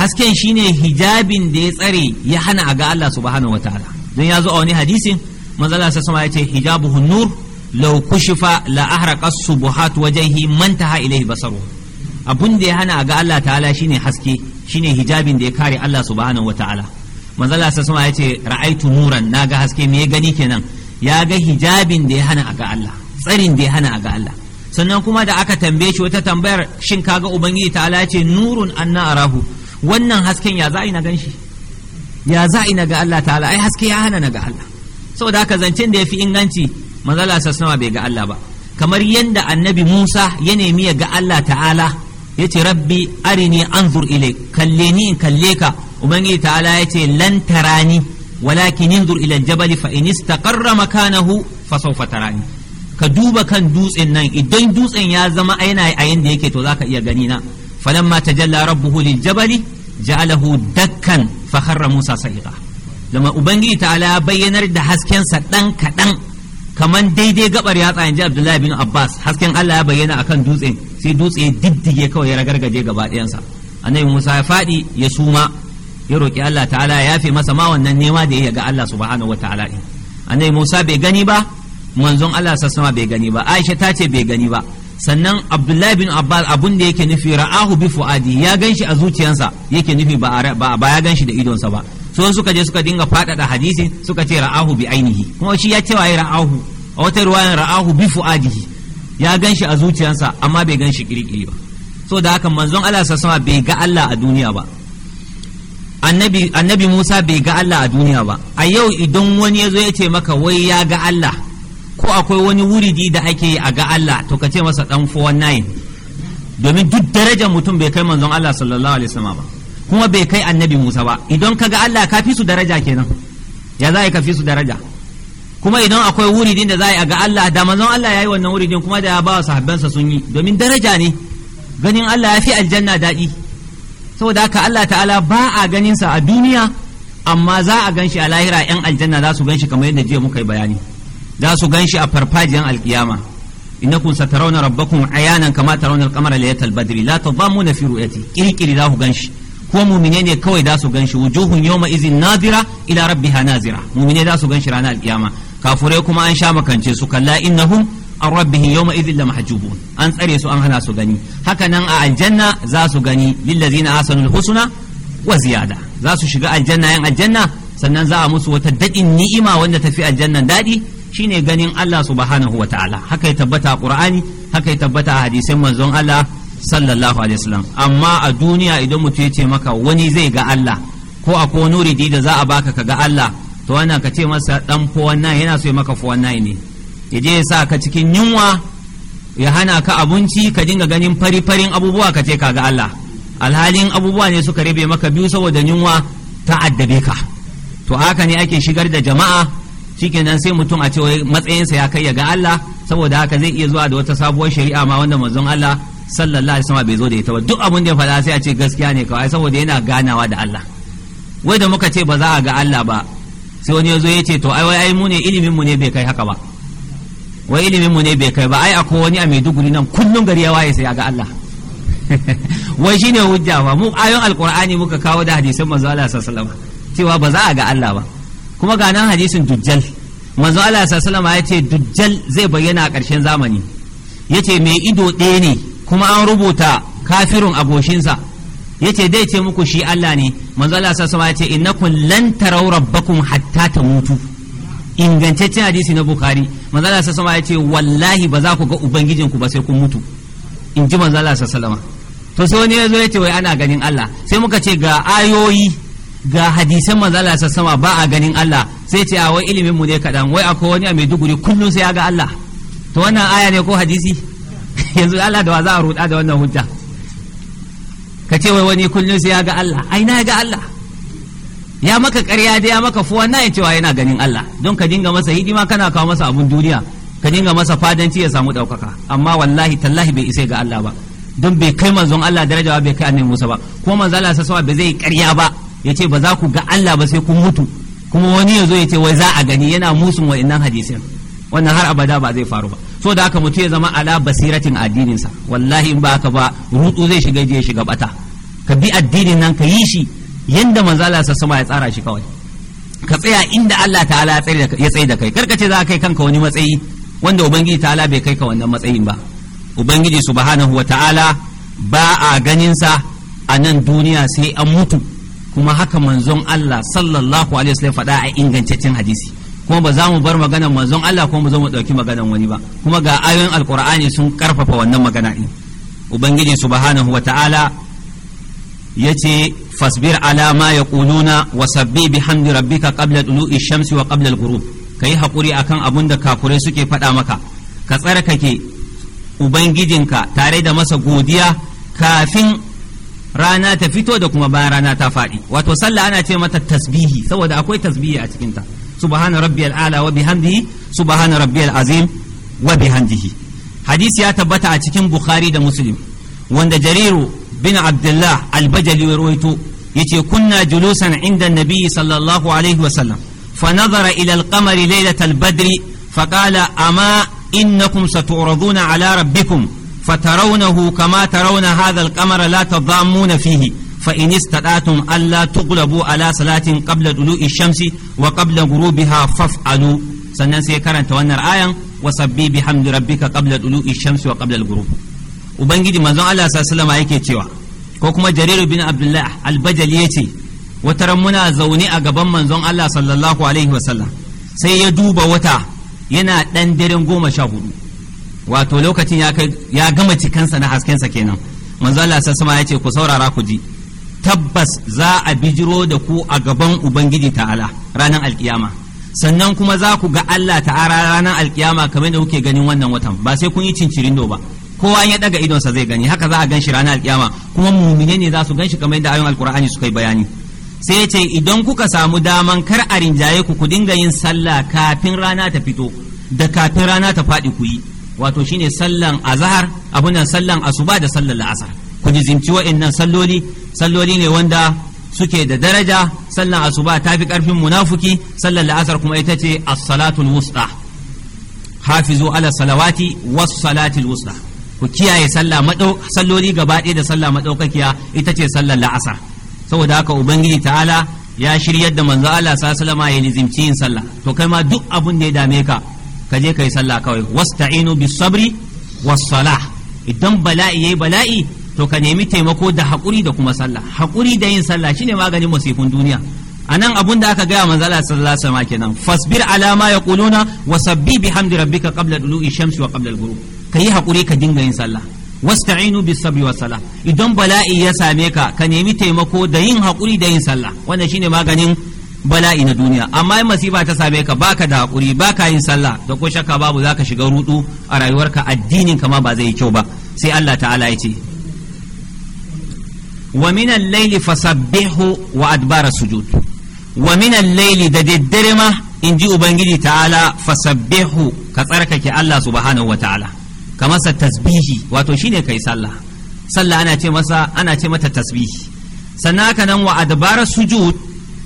hasken shine hijabin da ya tsare ya hana a ga Allah subhanahu wataala don ya zo a wani hadisin manzala sai sama ya ce hijabu nur law kushifa la ahraqa subuhat wajhihi man taha ilayhi basaru abun da ya hana a ga Allah ta'ala shine haske shine hijabin da ya kare Allah subhanahu wataala manzala sai sama ya ce ra'aitu nuran naga haske me ya gani kenan ya ga hijabin da ya hana a ga Allah tsarin da ya hana a ga Allah sannan kuma da aka tambaye shi wata tambayar shin kaga ubangiji ta'ala ce nurun anna arahu wannan hasken ya za'i na ganshi ya za'i na ga Allah ta'ala ai haske ya hana na ga Allah saboda haka zancen da yafi inganci manzala sasnawa bai ga Allah ba kamar yadda annabi Musa ya nemi ya ga Allah ta'ala ya ce rabbi arini anzur ilai kalle ni in kalle ka ubangiji ta'ala ya ce lan tarani walakin inzur ila jabali fa in istaqarra makanahu fa sawfa tarani ka duba kan dutsen nan idan dutsen ya zama aina a yanda yake to ka iya gani na falamma jalla rabbuhu lil jabali ja'alahu dakkan fa kharra musa sa'iqa lama ubangiji ta'ala bayyanar da hasken sa dan kadan kaman daidai gabar yatsa inji abdullahi bin abbas hasken Allah ya bayyana akan dutsen sai dutse diddige kawai ya ragargaje gaba ɗayansa annabi musa ya faɗi ya suma ya roƙi Allah ta'ala ya yafe masa ma wannan nema da ya ga Allah subhanahu wataala din annabi Musa bai gani ba manzon Allah sassama bai gani ba Aisha ta ce bai gani ba sannan Abdullahi bin Abbas abun da yake nufi ra'ahu bi fuadi ya ganshi a zuciyansa yake nufi ba ba ya ganshi da idonsa ba so suka je suka dinga faɗaɗa hadisi suka ce ra'ahu bi ainihi kuma shi ya ce wa ra'ahu a wata ruwayan ra'ahu bi fuadihi ya ganshi a zuciyansa amma bai ganshi kirkiri ba so da haka manzon Allah sassama bai ga Allah a duniya ba annabi Musa bai ga Allah a duniya ba a yau idan wani ya zo ya ce maka wai ya ga Allah ko akwai wani wuridi da ake a ga Allah to ka ce masa dan 419 domin duk darajar mutum bai kai manzon Allah sallallahu alaihi wasallam ba kuma bai kai annabi Musa ba idan ka ga Allah ka fi su daraja kenan ya za ka fi su daraja kuma idan akwai wuridin da za a ga Allah da manzon Allah ya yi wannan wuridin kuma da ya ba wa sahabbansa sun yi domin daraja ne ganin Allah ya fi aljanna daɗi saboda haka Allah ta'ala ba a ganinsa a duniya amma za a gan shi a lahira 'yan aljanna za su gan shi kamar yadda jiya muka yi bayani za su gan shi a farfajiyan alkiyama innakum satarawna rabbakum ayanan kama tarawna al-qamara laylatal badri la tadhammuna fi ru'yati kirkiri za su gan shi ko mumine ne kawai za su gan shi wujuhun yawma izin nadira ila rabbiha nazira mumine za su gan shi ranar alkiyama kafurai kuma an sha makance su kalla innahum an rabbihi yawma idhin la mahjubun an tsare su an hana su gani haka nan a aljanna za su gani lillazina asanul husna wa ziyada za su shiga aljanna yan aljanna sannan za a musu wata dadin ni'ima wanda tafi aljannan dadi Shi ne ganin Allah subhanahu ta'ala haka ya tabbata a Qur'ani haka ya tabbata a hadisin manzon Allah sallallahu alaihi wasallam amma a duniya idan mutum ya ce maka wani zai ga Allah ko akwai nuri da za a baka ka ga Allah to wannan ka ce masa dan fowannan yana so ya maka fowannan ne ya je ya sa ka cikin yunwa ya hana ka abinci ka dinga ganin fari farin abubuwa ka ce ka ga Allah alhalin abubuwa ne suka rabe maka biyu saboda yunwa ta addabe ka to haka ne ake shigar da jama'a shikenan sai mutum a ce wai matsayinsa ya kai ya ga Allah saboda haka zai iya zuwa da wata sabuwar shari'a ma wanda manzon Allah sallallahu alaihi wasallam bai zo da ita ba duk abin da ya faɗa sai a ce gaskiya ne kawai saboda yana ganawa da Allah wai da muka ce ba za a ga Allah ba sai wani yazo ya ce to ai wai ai mu ne ilimin mu ne bai kai haka ba wai ilimin mu ne bai kai ba ai akwai wani a Maiduguri nan kullun gari ya waye sai ya ga Allah wai shine hujja ba mu ayon alqur'ani muka kawo da hadisin manzo Allah sallallahu alaihi wasallam cewa ba za a ga Allah ba kuma ga nan hadisin dujjal manzo Allah sallallahu ya ce dujjal zai bayyana a ƙarshen zamani yace mai ido ɗaya ne kuma an rubuta kafirun aboshinsa yace dai ce muku shi Allah ne manzo Allah sallallahu ya ce innakum lan taraw rabbakum hatta tamutu ingantaccen hadisi na bukhari manzo Allah sallallahu ya ce wallahi ba za ku ga ubangijinku ba sai kun mutu in ji manzo Allah sallallahu to sai wani ya zo ya ce wai ana ganin Allah sai muka ce ga ayoyi ga hadisan manzala sa sama ba a ganin Allah sai ce a wai ilimin mu ne kadan wai akwai wani a duguri kullum sai ya ga Allah to wannan aya ne ko hadisi yanzu Allah da wa za a ruda da wannan hujja ka ce wai wani kullum sai ya ga Allah ai na ga Allah ya maka ƙarya da ya maka fuwa na ya cewa yana ganin Allah don ka dinga masa hidima kana kawo masa abun duniya ka dinga masa fadanci ya samu ɗaukaka amma wallahi tallahi bai isa ga Allah ba don bai kai manzon Allah darajawa bai kai annabi Musa ba ko manzala Allah sassawa bai zai ƙarya ba ya ce ba za ku ga Allah ba sai kun mutu kuma wani ya zo ya ce wai za a gani yana musun wa'innan hadisin wannan har abada ba zai faru ba so da haka mutu ya zama ala basiratin sa wallahi in ba haka ba rutu zai shiga je shiga bata ka bi addinin nan ka yi shi yanda manzo Allah sama ya tsara shi kawai ka tsaya inda Allah ta'ala ya tsaye da kai karkace za ka kai kanka wani matsayi wanda ubangiji ta'ala bai kai ka wannan matsayin ba ubangiji subhanahu wa ta'ala ba a ganin sa a nan duniya sai an mutu kuma haka manzon Allah sallallahu alaihi wasallam faɗa a ingantaccen hadisi kuma ba za mu bar maganar manzon Allah kuma ba za mu ɗauki maganar wani ba kuma ga ayoyin alkur'ani sun karfafa wannan magana din. ubangiji subhanahu wa ta'ala yace fasbir ala ma yaquluna wa sabbi bihamdi rabbika qabla tulu'i shamsi wa qabla al-ghurub kai hakuri akan abun da kafurai suke faɗa maka ka tsare tsarkake ubangijinka tare da masa godiya kafin rana ta fito da kuma bayan rana ta faɗi wato sallah ana ce mata tasbihi saboda akwai tasbihi a cikinta subhana rabbiyal ala wa bihamdihi subhana rabbiyal azim wa bihamdihi hadisi ya tabbata a cikin bukhari da muslim wanda jariru bin abdullah albajali ya rawaito yace kunna julusan inda nabiyyi sallallahu alaihi wa sallam fa nazara ila al-qamari laylatal badri fa qala ama innakum satu'raduna ala rabbikum فترونه كما ترون هذا القمر لا تضامون فيه فإن استطعتم ألا تغلبوا على صلاة قبل طلوع الشمس وقبل غروبها فافعلوا sannan sai karanta wannan ayan wasabbi bihamdi rabbika qabla dulu'i shamsi wa qabla al-ghurub ubangiji manzon Allah sallallahu alaihi yake cewa ko kuma jarir bin abdullah al-bajali yace wataran muna zaune a gaban manzon Allah sallallahu alaihi wasallam sai ya duba wata yana dan daren goma sha hudu wato lokacin ya gama cikansa na haskensa kenan manzo Allah sassama ya ce ku saurara ku ji tabbas za a bijiro da ku a gaban ubangiji ta'ala ranar alkiyama sannan kuma za ku ga Allah ta'ala ranar alkiyama kamar da kuke ganin wannan watan ba sai kun yi cincirindo ba kowa ya daga sa zai gani haka za a gan shi ranar alkiyama kuma mumine ne za su gan kamar yadda ayoyin alkur'ani suka yi bayani sai ce idan kuka samu daman kar a rinjaye ku ku dinga yin sallah kafin rana ta fito da kafin rana ta faɗi ku yi wato shine sallan azhar abunan sallan asuba da sallan la'asar ku jizimci wa'annan salloli salloli ne wanda suke da daraja sallan asuba ta fi karfin munafuki sallan la'asar kuma ita ce as-salatul wusta hafizu ala salawati was salatil wusta ku kiyaye sallah salloli gaba ɗaya da sallah madaukakiya ita ce sallan la'asar saboda haka ubangiji ta'ala ya shiryar da manzo Allah sallallahu alaihi wasallam ya nizimci yin sallah to kai ma duk abun da ya dame ka ka je ka yi sallah kawai wasta'inu bi sabri was salah idan bala'i yayi bala'i to ka nemi taimako da haƙuri da kuma sallah haƙuri da yin sallah shine maganin masifin duniya anan abun da aka gaya manzala sallallahu alaihi wasallam kenan fasbir ala ma yaquluna wasabbi bihamdi rabbika qabla dulu'i shamsi wa qabla al-ghurub haƙuri ka dinga yin sallah wasta'inu bis sabri was salah idan bala'i ya same ka ka nemi taimako da yin haƙuri da yin sallah wannan shine maganin bala'i na duniya amma in masifa ta same ka baka da hakuri baka yin sallah da ko shakka babu zaka shiga rudu a rayuwarka addinin ka ma ba zai yi kyau ba sai Allah ta'ala ya ce wa min al-layli fasabbihu wa adbara sujud wa min al da daddare ma in ji ubangiji ta'ala fasabbihu ka tsarkake Allah subhanahu wa ta'ala ka masa tasbihi wato shine kai sallah sallah ana ce masa ana ce mata tasbihi sannan haka nan wa adbara sujud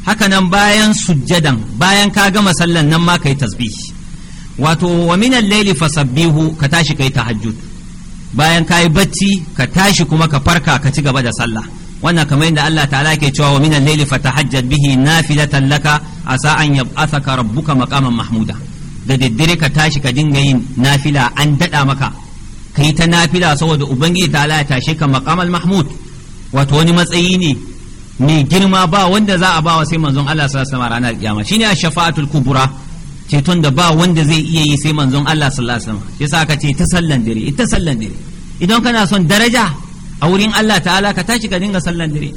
haka nan bayan sujjadan bayan ka gama sallan nan ma kai tasbih wato wa min al-layli fasabbihu ka tashi kai tahajjud bayan kai bacci ka tashi kuma ka farka ka ci gaba da sallah wannan kamar yadda Allah ta'ala ke cewa wa min al-layli fatahajjad bihi nafilatan laka asa an yab'athaka rabbuka maqaman mahmuda da daddare ka tashi ka dinga yin nafila an dada maka kai ta nafila saboda ubangiji ta'ala ta tashe ka maqamal mahmud wato wani matsayi ne mai girma ba wanda za a ba wa sai manzon Allah sallallahu alaihi wasallam ranar kiyama shine ash-shafa'atul kubra ceton da ba wanda zai iya yi sai manzon Allah sallallahu alaihi wasallam yasa aka ce ta sallan dare ita sallan dare idan kana son daraja a wurin Allah ta'ala ka tashi ka dinga sallan dare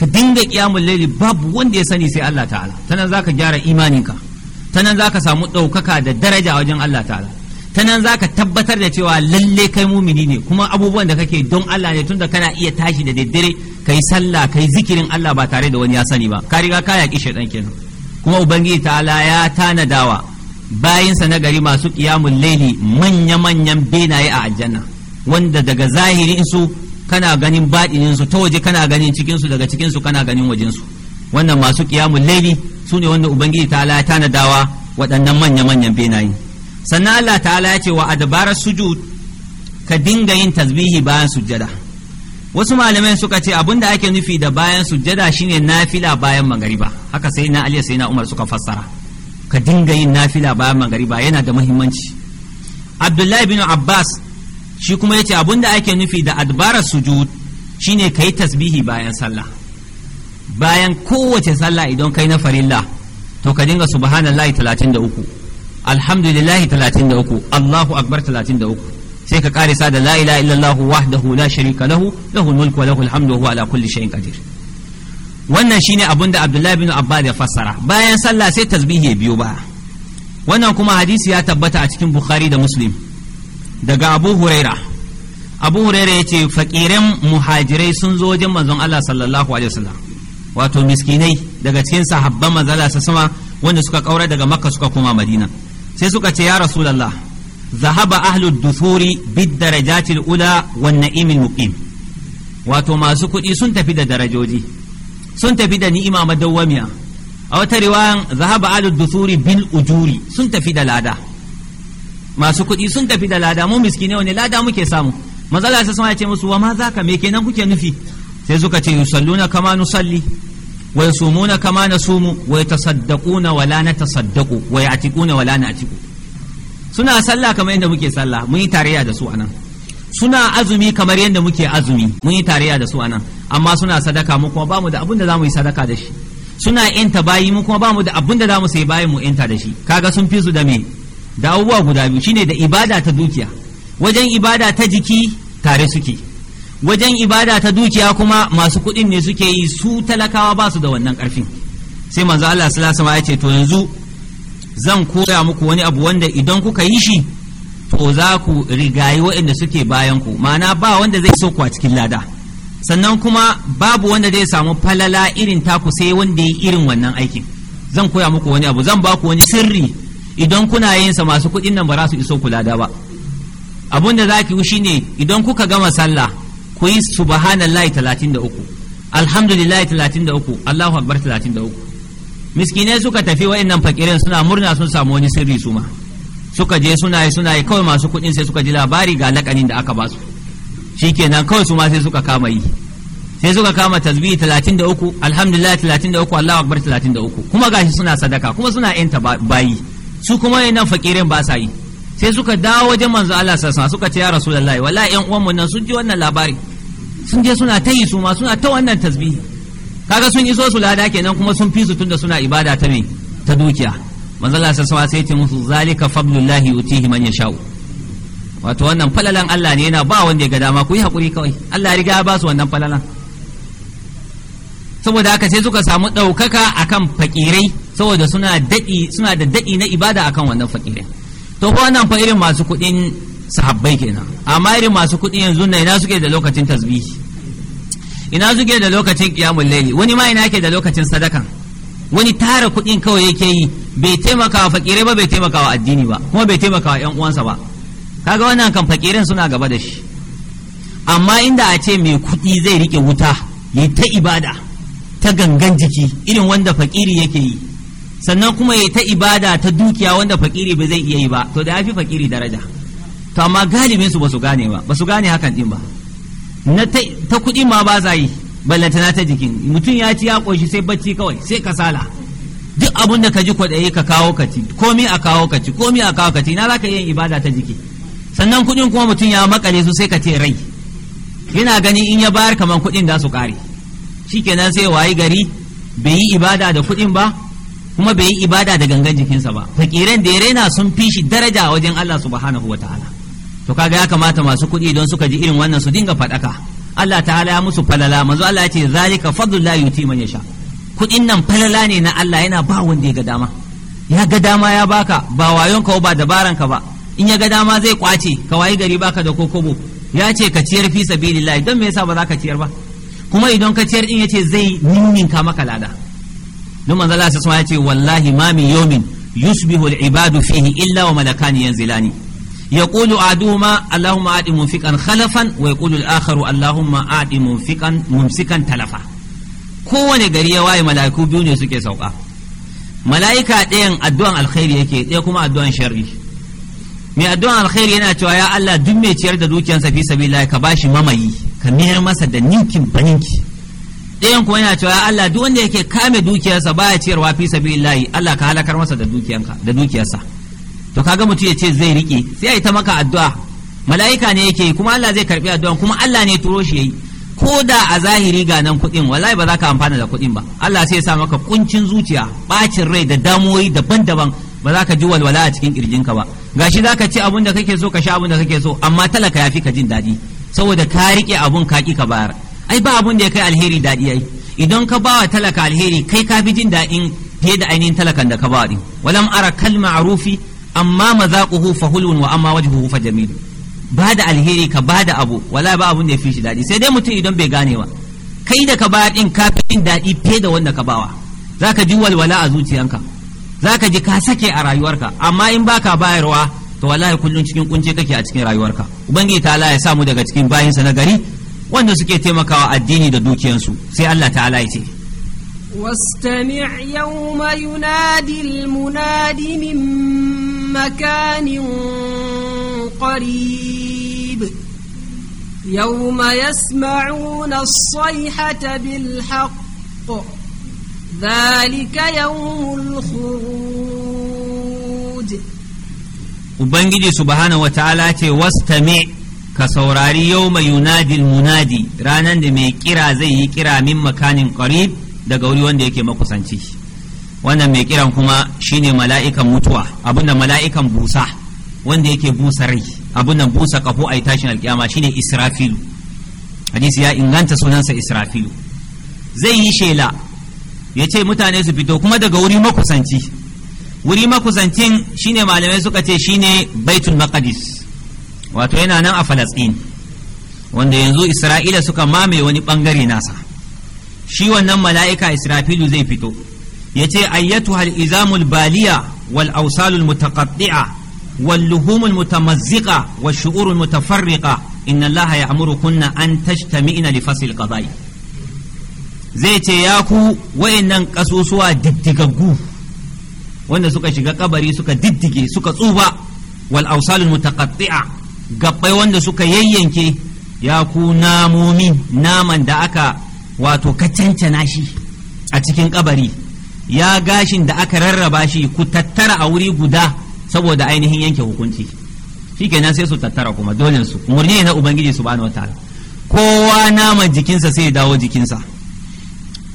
ka dinga kiyamul layli babu wanda ya sani sai Allah ta'ala tanan zaka gyara imaninka tanan zaka samu ɗaukaka da daraja wajen Allah ta'ala tanan zaka tabbatar da cewa lalle kai mumini ne kuma abubuwan da kake don Allah ne tunda kana iya tashi da daddare kai sallah kai zikirin Allah ba tare da wani ya sani ba ka riga ka yaƙi shaidan kenan kuma ubangiji ta'ala ya tanadawa bayin na gari masu qiyamul laili manya-manyan benaye a aljanna wanda daga zahirin su kana ganin badinin su ta waje kana ganin cikin su daga cikin su kana ganin wajen su wannan masu qiyamul laili su ne wanda ubangiji ta'ala ya tanadawa waɗannan manya-manyan benaye sannan Allah ta'ala ya ce wa adbara sujud ka dinga yin tasbihi bayan sujjada wasu malamai suka ce abinda ake nufi da bayan sujjada shine nafila bayan magariba haka sai na aliya sai na umar suka fassara ka dinga yin nafila bayan magariba yana da muhimmanci abdullahi bin abbas shi kuma yace abinda ake nufi da adbarar sujud shine yi tasbihi bayan sallah bayan kowace sallah idan kai na farilla to ka dinga subhanallahi 33 alhamdulillahi 33 allahu akbar 33 sai ka karisa da la ilaha illallah wahdahu la sharika lahu lahu mulku wa lahu alhamdu wa huwa ala kulli shay'in qadir wannan shine abin da Abdullahi bin Abbas ya fassara bayan sallah sai tasbihi biyo ba wannan kuma hadisi ya tabbata a cikin Bukhari da Muslim daga Abu Huraira Abu Huraira yace fakiran muhajirai sun zo wajen manzon Allah sallallahu alaihi wasallam wato miskinai daga cikin sahabban manzon Allah sama wanda suka kaura daga Makka suka koma Madina sai suka ce ya Rasulullah ذهب أهل الدثور بالدرجات الأولى والنعيم المقيم wato masu kuɗi sun tafi da darajoji sun tafi da ni'ima madawwamiya a wata riwayan zahaba alu dusuri bil ujuri sun tafi da lada masu kuɗi sun tafi da lada mu miskine wani lada muke samu mazala sai sama ya ce musu wa ma zaka me kenan kuke nufi sai suka ce yusalluna kama nusalli wa yasumuna kama nasumu wa yatasaddaquna wa la natasaddaqu wa ya'tiquna wala la na'tiqu suna sallah kamar yadda muke sallah mun yi tarayya da su anan suna azumi kamar yadda muke azumi mun yi tarayya da su anan amma suna sadaka mu kuma bamu da abin da zamu yi sadaka da shi suna yanta bayi mu kuma bamu da abin da zamu sai bayin mu inta da shi kaga sun fi su da me da abubuwa guda biyu shine da ibada ta dukiya wajen ibada ta jiki tare suke wajen ibada ta dukiya kuma masu kuɗin ne suke yi su talakawa ba su da wannan ƙarfin sai manzo Allah sallallahu alaihi wasallam ya ce to yanzu zan koya muku wani abu wanda idan kuka yi shi to za ku rigayi waɗanda suke bayan ku ma'ana ba wanda zai so ku a cikin lada sannan kuma babu wanda zai samu falala irin taku sai wanda ya irin wannan aikin zan koya muku wani abu zan ba ku wani sirri idan kuna yin sa masu kuɗin nan ba za su iso ku lada ba abun da za ki yi shine idan kuka gama sallah ku yi subhanallahi 33 alhamdulillahi 33 Allahu akbar 33 miskinai suka tafi wayannan fakirin suna murna sun samu wani sirri su ma suka je suna yi suna yi kawai masu kuɗin sai suka ji labari ga lakanin da aka basu shikenan kawai su ma sai suka kama yi sai suka kama tasbihi 33 alhamdulillah 33 Allahu akbar 33 kuma gashi suna sadaka kuma suna yanta bayi su kuma wayannan fakirin ba sa yi sai suka dawo wajen manzo Allah sassa suka ce ya rasulullahi wallahi yan uwan mu nan sun ji wannan labari sun je suna ta yi su ma suna ta wannan tasbihi kaga sun iso su lada kenan kuma sun fi tunda suna ibada ta me ta dukiya manzo Allah sallallahu alaihi wasallam sai ya ce musu zalika fadlullahi yutihi man yasha wato wannan falalan Allah ne yana ba wanda ya ga dama ku yi hakuri kawai Allah ya riga ya ba su wannan falalan saboda haka sai suka samu ɗaukaka akan fakirai saboda suna dadi suna da dadi na ibada akan wannan fakirai to ko wannan fa irin masu kuɗin sahabbai kenan amma irin masu kuɗi yanzu na suke da lokacin tasbihi ina zuge da lokacin kiyamul laili wani ma ina yake da lokacin sadakan wani tara kuɗin kawai yake yi bai taimaka wa fakirai ba bai taimaka wa addini ba kuma bai taimaka wa 'yan uwansa ba kaga wannan kan fakirin suna gaba da shi amma inda a ce mai kuɗi zai rike wuta ya ta ibada ta gangan jiki irin wanda fakiri yake yi sannan kuma ya ta ibada ta dukiya wanda fakiri ba zai iya yi ba to da ya fi fakiri daraja to amma galibin su ba su gane ba ba su gane hakan din ba na ta kuɗi ma ba za yi na ta jikin mutum ya ci ya ƙoshi sai bacci kawai sai kasala duk abin da ka ji kwaɗayi ka kawo ka ci komi a kawo ka ci komi a kawo ka ci na za ka yin ibada ta jiki sannan kuɗin kuma mutum ya makale su sai ka ce rai yana gani in ya bayar kamar kuɗin da su ƙare shikenan sai wayi gari bai yi ibada da kuɗin ba kuma bai yi ibada da gangan jikinsa ba fakiran da ya raina sun fi shi daraja wajen Allah subhanahu wataala to kaga ya kamata masu kuɗi don suka ji irin wannan su dinga faɗaka Allah ta'ala ya musu falala manzo Allah ya ce zalika fadlullahi yuti man yasha kuɗin nan falala ne na Allah yana ba wanda ya ga dama ya ga dama ya baka ba wayon ka ba dabaran ka ba in ya ga dama zai kwace ka wayi gari baka da kokobo ya ce ka ciyar fi sabilillahi don me yasa ba za ka ciyar ba kuma idan ka ciyar din yace zai ninninka maka lada don manzo Allah ya ce wallahi ma min yawmin yusbihu al-ibadu fihi illa wa malakani yanzilani يقول أحدهما اللهم أعد منفقا خلفا ويقول الآخر اللهم أعد منفقا ممسكا تلفا kowane gari ya waye mala'iku biyu ne suke sauka mala'ika ɗayan addu'an alkhairi yake ɗaya kuma addu'an sharri mai addu'an alkhairi yana cewa ya Allah duk mai ciyar da dukiyansa fi sabilillah ka bashi mamayi ka mayar masa da ninkin baninki ɗayan kuma yana cewa ya Allah duk wanda yake kame dukiyarsa baya ciyarwa fi sabilillah Allah ka halakar masa da dukiyarsa to kaga mutum ya ce zai riƙe sai ya ta maka addu'a mala'ika ne yake kuma Allah zai karɓi addu'a kuma Allah ne turo shi yi ko da a zahiri ga nan kuɗin wallahi ba za ka amfana da kuɗin ba Allah sai ya sa maka kuncin zuciya bacin rai da damuwoyi daban-daban ba za ka ji walwala a cikin kirjinka ba gashi za ka ci abun da kake so ka sha abun da kake so amma talaka ya fi ka jin daɗi saboda ka riƙe abun ka ka bayar ai ba abun da ya kai alheri daɗi ai idan ka bawa talaka alheri kai ka fi jin daɗin fiye da ainihin talakan da ka bawa din walam ara kalma arufi amma mazaquhu fahulun wa amma wajhuhu fa jamil ba da alheri ka ba da abu wala ba abun da ya fi shi daɗi sai dai mutum idan bai gane ba kai da ka ba din ka fi jin daɗi fiye da wanda ka bawa zaka ji walwala a zuciyanka zaka ji ka sake a rayuwarka amma in baka bayarwa to wallahi kullun cikin kunce kake a cikin rayuwarka ubangiji ta ya samu daga cikin bayin sa na gari wanda suke taimakawa addini da dukiyansu sai Allah ta'ala ya ce واستمع يوم ينادي المنادي من مكان قريب يوم يسمعون الصيحة بالحق ذلك يوم الخروج Ubangiji subhanahu wa ta'ala ce, Wastame ka saurari yau mai yunadil munadi ranar da mai kira zai yi kira min makanin qarib daga wuri wanda yake makusanci. wannan mai kiran kuma shine mala'ikan mutuwa abinda mala'ikan busa wanda yake busa rai abinda busa kafo a yi tashin alkiyama shine israfilu hadisi ya inganta sunansa israfilu zai yi shela ya ce mutane su fito kuma daga wuri makusanci wuri makusancin shine malamai suka ce shine baitul maqdis wato yana nan a falastin wanda yanzu isra'ila suka mamaye wani bangare nasa shi wannan mala'ika israfilu zai fito yace ayyatu hal'izamul izamu baliya wal ausalul al-mutaqatti'a wal luhum al-mutamazziqa wash shu'ur mutafarriqa inna allaha kunna an tajtami'na li fasl qada'i zai ce ya ku wayannan kasusuwa diddigaggu wanda suka shiga kabari suka diddige suka tsuba wal ausalul al gabbai wanda suka yayyanke ya ku namomi naman da aka wato kacancana shi a cikin kabari ya gashin da aka rarraba shi ku tattara a wuri guda saboda ainihin yanke hukunci shikenan sai su tattara kuma dole su umarni ne na ubangiji subhanahu wataala kowa nama jikinsa sai ya dawo jikinsa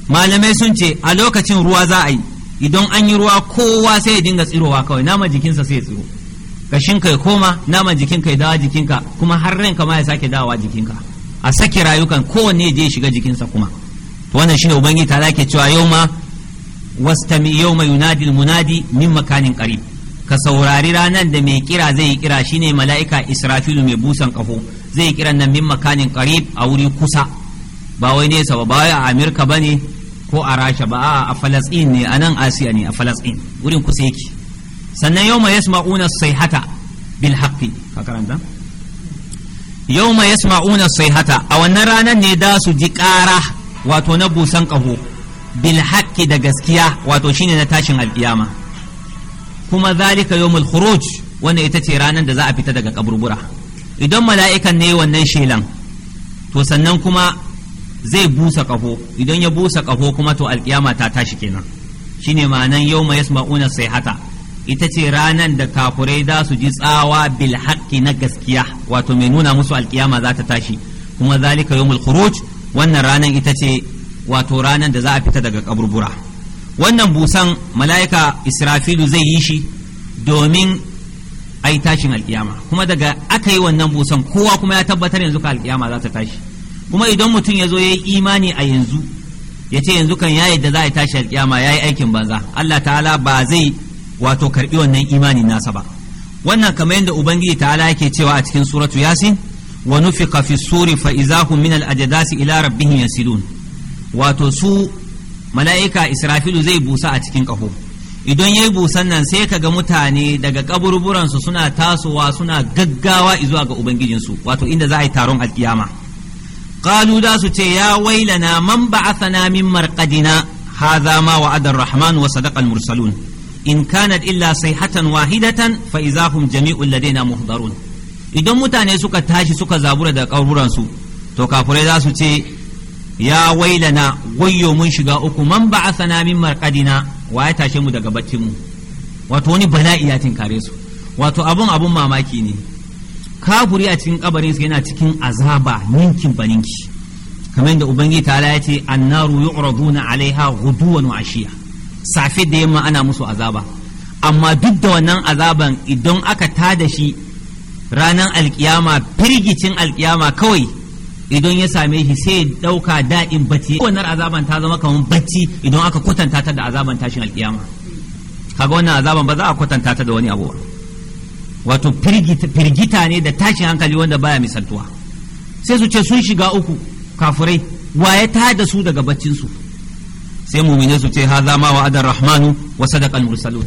malamai sun ce a lokacin ruwa za a yi idan an yi ruwa kowa sai ya dinga tsirowa kawai nama jikinsa sai ya tsiro kashin kai koma nama jikinka ya dawo jikinka kuma har ranka ma ya sake dawa jikinka a sake rayukan kowanne ya je shiga jikinsa kuma to wannan shine ubangiji ta ke cewa yau ma wastami yawma yunadi munadi min makanin qarib ka saurari ranan da mai kira zai yi kira shine mala'ika israfilu mai busan kafo zai kira nan min makanin a nan Asiya a wurin kusa yake sannan yawma yasma'una bil a wannan ranan ne da su ji ƙara wato na busan ƙaho bil haƙƙi da gaskiya wato shine na tashin alkiyama kuma zalika yawmul khuruj wanda ita ce ranar da za a fita daga kaburbura idan mala'ikan ne wannan shelan to sannan kuma zai busa kaho idan ya busa kaho kuma to alkiyama ta tashi kenan shine ma'anan yawma yasma'una sayhata ita ce ranar da kafurai za su ji tsawa bil haƙƙi na gaskiya wato mai nuna musu alkiyama za ta tashi kuma zalika yawmul khuruj wannan ranar ita ce wato ranar da za a fita daga kaburbura wannan busan mala'ika israfilu zai yi shi domin a yi tashin alkiyama kuma daga aka yi wannan busan kowa kuma ya tabbatar yanzu ka alkiyama za ta tashi kuma idan mutum ya zo ya yi imani a yanzu ya ce yanzu kan ya yadda za a yi tashi alkiyama ya yi aikin banza allah ta'ala ba zai wato karbi wannan imani nasa ba wannan kamar yadda ubangiji ta'ala yake cewa a cikin suratu yasin wa nufiqa fi suri fa idza hum min al ila rabbihim yasilun wato su mala'ika israfilu zai busa a cikin ƙaho idan ya yi busan nan sai ka ga mutane daga kaburburansu suna tasowa suna gaggawa izuwa ga ubangijinsu wato inda za a yi taron alkiyama Kalu da su ce ya wailana man ba'athana min marqadina hadha ma wa ar-rahman wa sadaqa mursalun in kanat illa sayhatan wahidatan fa idahum jami'ul ladaina muhdarun idan mutane suka tashi suka zabura daga kaburburansu to kafurai za su ce ya wailana wayo mun shiga uku man ba'athana min marqadina wa ya tashe mu daga baccin mu wato wani bala'i ya tinkare su wato abun abun mamaki ne kafuri a cikin kabarin yana cikin azaba ninkin baninki kamar yadda Ubangi ta ya ce annaru yu'raduna alaiha ghuduwan wa ashiya safe da yamma ana musu azaba amma duk da wannan azaban idan aka tada shi ranar alkiyama firgicin alkiyama kawai idan ya same shi sai dauka da'in bacci wannan azaban ta zama kamar bacci idan aka kwatanta ta da azaban tashin alkiyama kaga wannan azaban ba za a kwatanta ta da wani abu wato firgita ne da tashin hankali wanda baya misaltuwa sai su ce sun shiga uku kafurai waye ta da su daga baccinsu sai mumine su ce haza ma wa'adar rahmanu wa sadaqal mursalun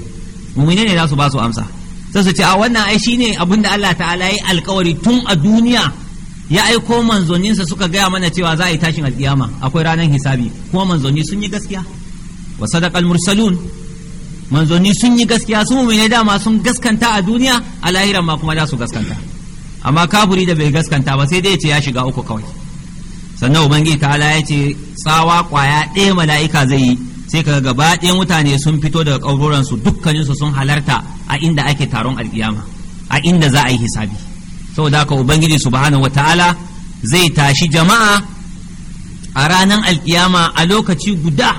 mumine ne za su ba su amsa sai su ce a wannan ai shine abinda Allah ta'ala yi alkawari tun a duniya ya aiko manzoninsa suka gaya mana cewa za a yi tashin alkiyama akwai ranar hisabi kuma manzoni sun yi gaskiya wa sadaqal mursalun manzoni sun yi gaskiya su mu dama sun gaskanta a duniya a lahiran ma kuma za su gaskanta amma kafuri da bai gaskanta ba sai dai ya ce ya shiga uku kawai sannan ubangiji ta'ala ya ce tsawa kwaya ɗaya mala'ika zai yi sai kaga gaba ɗaya mutane sun fito daga kaburansu dukkaninsu sun halarta a inda ake taron alkiyama a inda za a yi hisabi saboda haka ubangiji subhanahu ta'ala zai tashi jama'a a ranar alkiyama a lokaci guda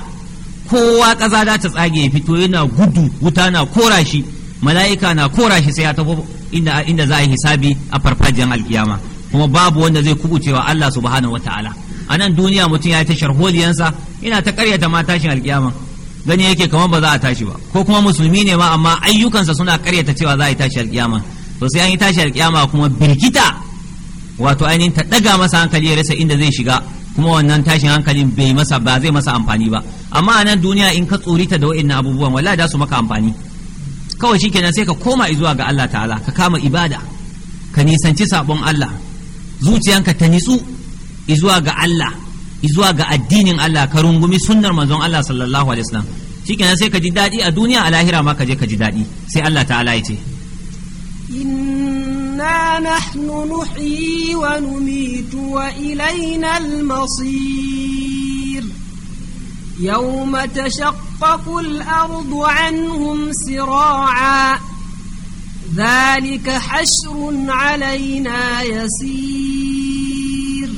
kowa ƙaza za ta tsage fito yana gudu wuta na kora shi mala'ika na korashi shi sai ya tafi inda inda za a yi hisabi a farfajiyar alkiyama kuma babu wanda zai kubucewa Allah subhanahu ta'ala a nan duniya mutum ya ta sharholiyansa ina ta karyata ma tashin alkiyama gani yake kamar ba za a tashi ba ko kuma musulmi ne ma amma ayyukansa suna karyata cewa za a yi tashi alkiyama to sai an yi tashi alkiyama kuma birgita wato ainihin ta daga masa hankali ya rasa inda zai shiga kuma wannan tashin hankalin bai masa ba zai masa amfani ba amma a nan duniya in ka tsorita da wa'annan abubuwan wallahi da su maka amfani kawai shikenan sai ka koma zuwa ga Allah ta'ala ka kama ibada ka nisanci sabon Allah zuciyanka ta nitsu izuwa ga Allah izuwa ga addinin Allah ka rungumi sunnar manzon Allah sallallahu alaihi wasallam shikenan sai ka ji daɗi a duniya a lahira ma ka je ka ji daɗi sai Allah ta'ala ya ce إنا نحن نحيي ونميت وإلينا المصير يوم تشقق الأرض عنهم سراعا ذلك حشر علينا يسير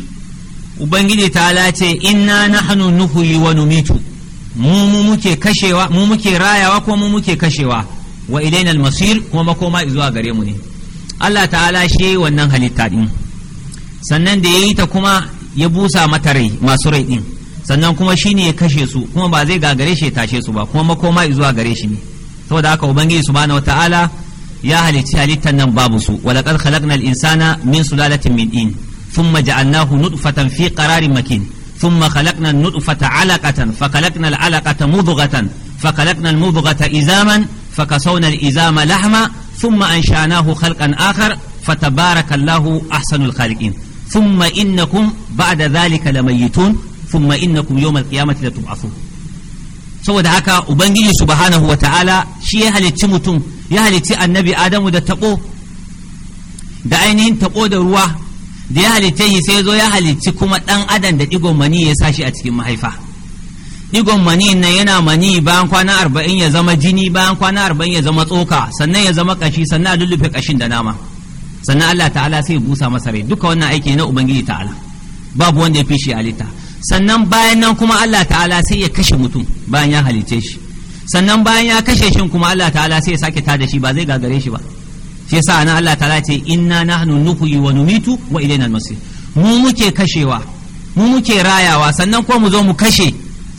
وبنجي تعالى إنا نحن نحيي ونميت mu muke kashewa mu muke rayawa ko mu muke kashewa wa ilaina masir kuma makoma zuwa gare mu ne Allah ta'ala shi wannan halitta din sannan da yayi ta kuma ya busa mata rai masu rai din sannan kuma shine ya kashe su kuma ba zai gagare shi ya tashe su ba kuma makoma zuwa gare shi ne saboda haka ubangiji subhanahu wata'ala ya halicci halittar nan babu su walaqad khalaqnal insana min sulalatin min in ثم جعلناه نطفة في قرار مكين ثم خلقنا النطفة علقة فخلقنا العلقة مضغة فخلقنا المضغة إزاما فكسونا الإزام لحما ثم أنشأناه خلقا آخر فتبارك الله أحسن الخالقين ثم إنكم بعد ذلك لميتون ثم إنكم يوم القيامة لتبعثون saboda haka ubangiji subhanahu wa ta'ala shi ya halicci mutum ya halicci annabi adamu da taɓo da ainihin taɓo da ruwa da ya halicce shi sai zo ya halicci kuma ɗan adam da ɗigon mani ya sa a cikin mahaifa digon mani nan yana mani bayan kwana arba'in ya zama jini bayan kwana arba'in ya zama tsoka sannan ya zama kashi sannan a lullufe kashin da nama sannan Allah ta'ala sai ya busa masa rai duka wannan aiki na ubangiji ta'ala babu wanda ya fishi shi halitta sannan bayan nan kuma Allah ta'ala sai ya kashe mutum bayan ya halice shi sannan bayan ya kashe shi kuma Allah ta'ala sai ya sake tada shi ba zai gagare shi ba shi yasa nan Allah ta'ala ce inna nahnu nuhyi wa numitu wa ilayna al-masir mu muke kashewa mu muke rayawa sannan ko mu zo mu kashe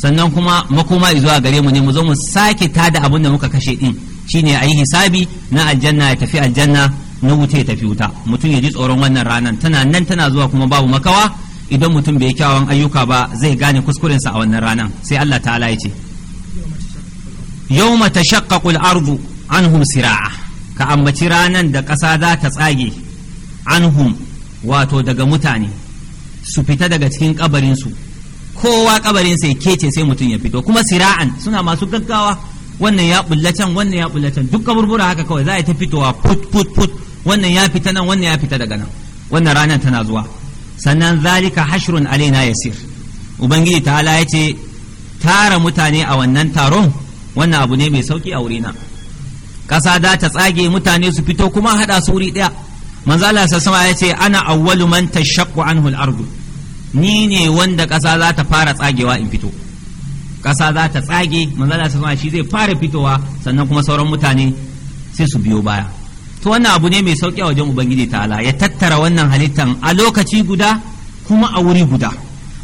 sannan kuma makoma zuwa gare mu ne mu zo mu sake tada abin da muka kashe din shine ayi hisabi na aljanna ya tafi aljanna na wuta ya tafi wuta mutum ya ji tsoron wannan ranar tana nan tana zuwa kuma babu makawa idan mutum bai kyawun ayyuka ba zai gane kuskurensa a wannan ranar sai Allah ta'ala ya ce yawma al ardu anhum sira'a ka ambaci ranan da kasa za ta tsage anhum wato daga mutane su fita daga cikin kabarin su kowa kabarin sai kece sai mutum ya fito kuma sira'an suna masu gaggawa wannan ya bullatan wannan ya bullatan duk kaburbura haka kawai za a ta fitowa put put put wannan ya fita nan wannan ya fita daga nan wannan ranar tana zuwa sannan zalika hashrun alaina yasir ubangiji ala ya ce tara mutane a wannan taron wannan abu ne mai sauki a wurina kasa da ta tsage mutane su fito kuma hada su wuri daya manzo Allah sallallahu alaihi wasallam ya ce ana awwalu man tashaqqu anhu al-ardu ni ne wanda ƙasa za ta fara tsagewa in fito ƙasa za ta tsage manzala sa shi zai fara fitowa sannan kuma sauran mutane sai su biyo baya to wannan abu ne mai sauƙi a wajen ubangiji ta'ala ya tattara wannan halittan a lokaci guda kuma a wuri guda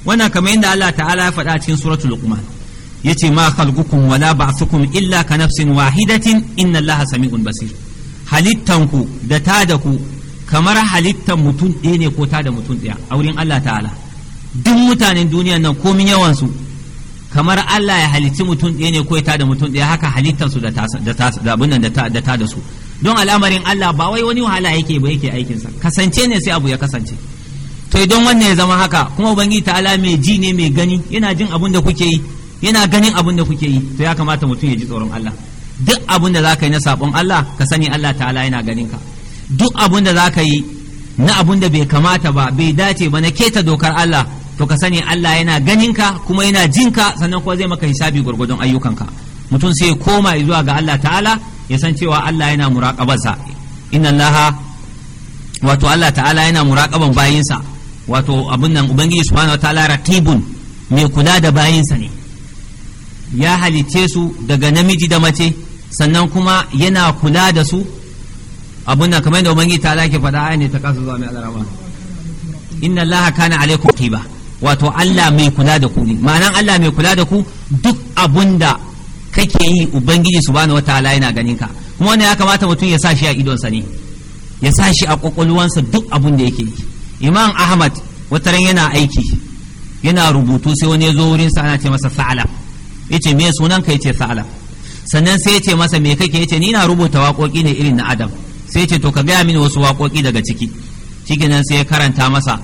wannan kamar yadda Allah ta'ala ya faɗa cikin suratul luqman yace ma khalqukum wala ba'thukum illa ka nafsin wahidatin inna Allaha sami'un basir ku da tada ku kamar halittan mutum ɗaya ne ko tada mutum ɗaya a wurin Allah ta'ala duk mutanen duniyan nan komin yawansu kamar Allah ya halitti mutum ɗaya ne ko ya tada mutum ɗaya haka halittarsu da abin nan da ta da su don al'amarin Allah ba wai wani wahala yake ba yake aikinsa kasance ne sai abu ya kasance to idan wannan ya zama haka kuma ubangiji ala mai ji ne mai gani yana jin abin da kuke yi yana ganin abin da kuke yi to ya kamata mutum ya ji tsoron Allah duk abin da zaka yi na sabon Allah ka sani Allah ta'ala yana ganin ka duk abin da zaka yi na abin da bai kamata ba bai dace ba na keta dokar Allah to ka sani Allah yana ganinka kuma yana jinka sannan kuma zai maka hisabi gwargwadon ayyukanka mutum sai koma zuwa ga Allah ta'ala ya san cewa Allah yana muraƙabarsa inna Allah wato Allah ta'ala yana muraƙaban bayinsa wato abin nan ubangiji subhanahu ta'ala ratibun mai kula da bayinsa ne ya halicce su daga namiji da mace sannan kuma yana kula da su abun nan kamar da ubangiji ta'ala ke faɗa ne ta kasa zuwa mai alarama inna Allah kana alaikum qiba wato Allah mai kula da ku ne ma'anan Allah mai kula da ku duk abun da kake yi ubangiji subhanahu wataala yana ganin ka kuma wannan ya kamata mutum ya sa shi a idonsa ne ya sa shi a kwakwalwansa duk abun da yake yi imam ahmad wataran yana aiki yana rubutu sai wani ya zo wurin sa ana ce masa sa'ala yace me sunan ka yace sa'ala sannan sai yace masa me kake yace ni na rubuta wakoki ne irin na adam sai yace to ka gaya mini wasu waƙoƙi daga ciki nan sai ya karanta masa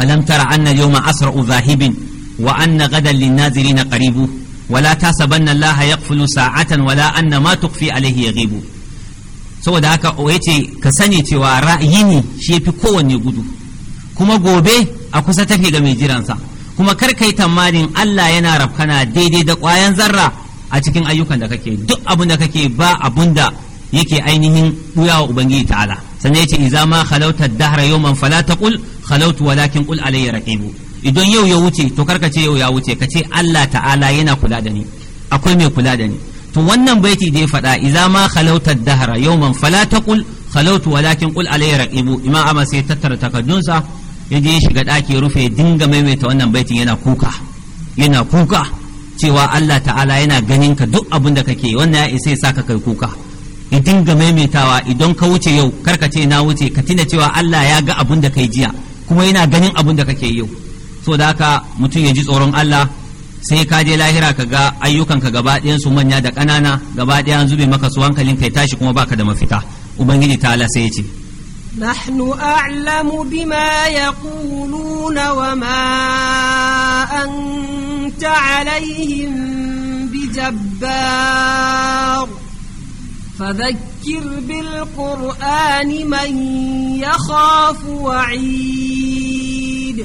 ألم تر أن اليوم أسرع ذاهب وأن غدا للناظرين قريب ولا تحسبن الله يقفل ساعة ولا أن ما تخفي عليه يغيب saboda haka yace ka sani cewa ra'ayi ne shi yafi kowanne gudu kuma gobe a kusa take ga mai jiransa kuma kar kai tamanin Allah yana rafkana daidai da ƙwayan zarra a cikin ayyukan da kake duk abin da kake ba abun da yake ainihin wa ubangiji ta'ala sannan ce iza ma khalauta ad yau man fala taqul khalautu walakin qul alayya raqibu idan yau ya wuce to karka ce yau ya wuce ka ce Allah ta'ala yana kula da ni akwai mai kula da ni to wannan baiti da ya faɗa iza ma khalauta dahar yau man fala taqul khalautu walakin qul alayya raqibu imam amma sai tattara takaddunsa ya je shiga daki rufe dinga maimaita wannan baitin yana kuka yana kuka cewa Allah ta'ala yana ganin ka duk abin da kake wannan ya isa ya saka kai kuka ya dinga maimaitawa idan ka wuce yau karka ce na wuce ka tuna cewa Allah ya ga abun da kai jiya kuma yana ganin abun da kake yau so da haka mutum ya ji tsoron Allah sai ka je lahira ka ga ayyukan ka gaba ɗayan su manya da ƙanana gaba ɗaya an zube maka su hankalin kai tashi kuma baka da mafita ubangiji ta Allah sai ya ce a'lamu bima yaquluna wa ma anta alaihim بجبار فذكر بالقرآن من يخاف وعيد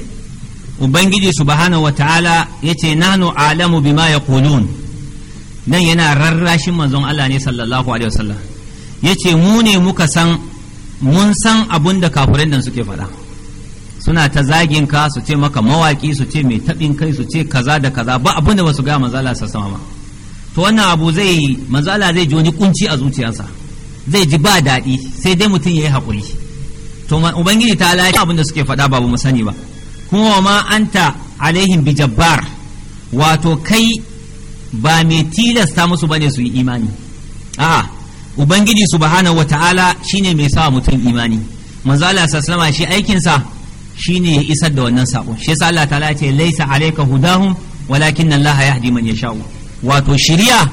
Ubangiji subhanahu wa ta'ala ya ce, Nanu alamu bima ya nan yana rarrashin manzon Allah ne sallallahu Alaihi wasallam ya Mu ne muka san, mun san abunda da kafirin nan suke faɗa. Suna ta zagin ka su ce maka mawaki su ce mai taɓin kai su ce kaza da kaza ba abun da ba su gaya manzala sassama ba. to wannan abu zai manzo Allah zai ji wani kunci a zuciyarsa zai ji ba daɗi sai dai mutum ya yi haƙuri to ubangiji ta lafi abin da suke faɗa babu mu sani ba kuma ma anta alaihim bi jabbar wato kai ba mai tilasta musu bane su yi imani a'a ubangiji subhanahu wata'ala shine mai sa mutum imani manzo Allah sallallahu shi aikin sa shine ya isar da wannan sako shi yasa Allah ta ya ce laisa alayka hudahum walakin Allah yahdi man yasha'u wato shiriya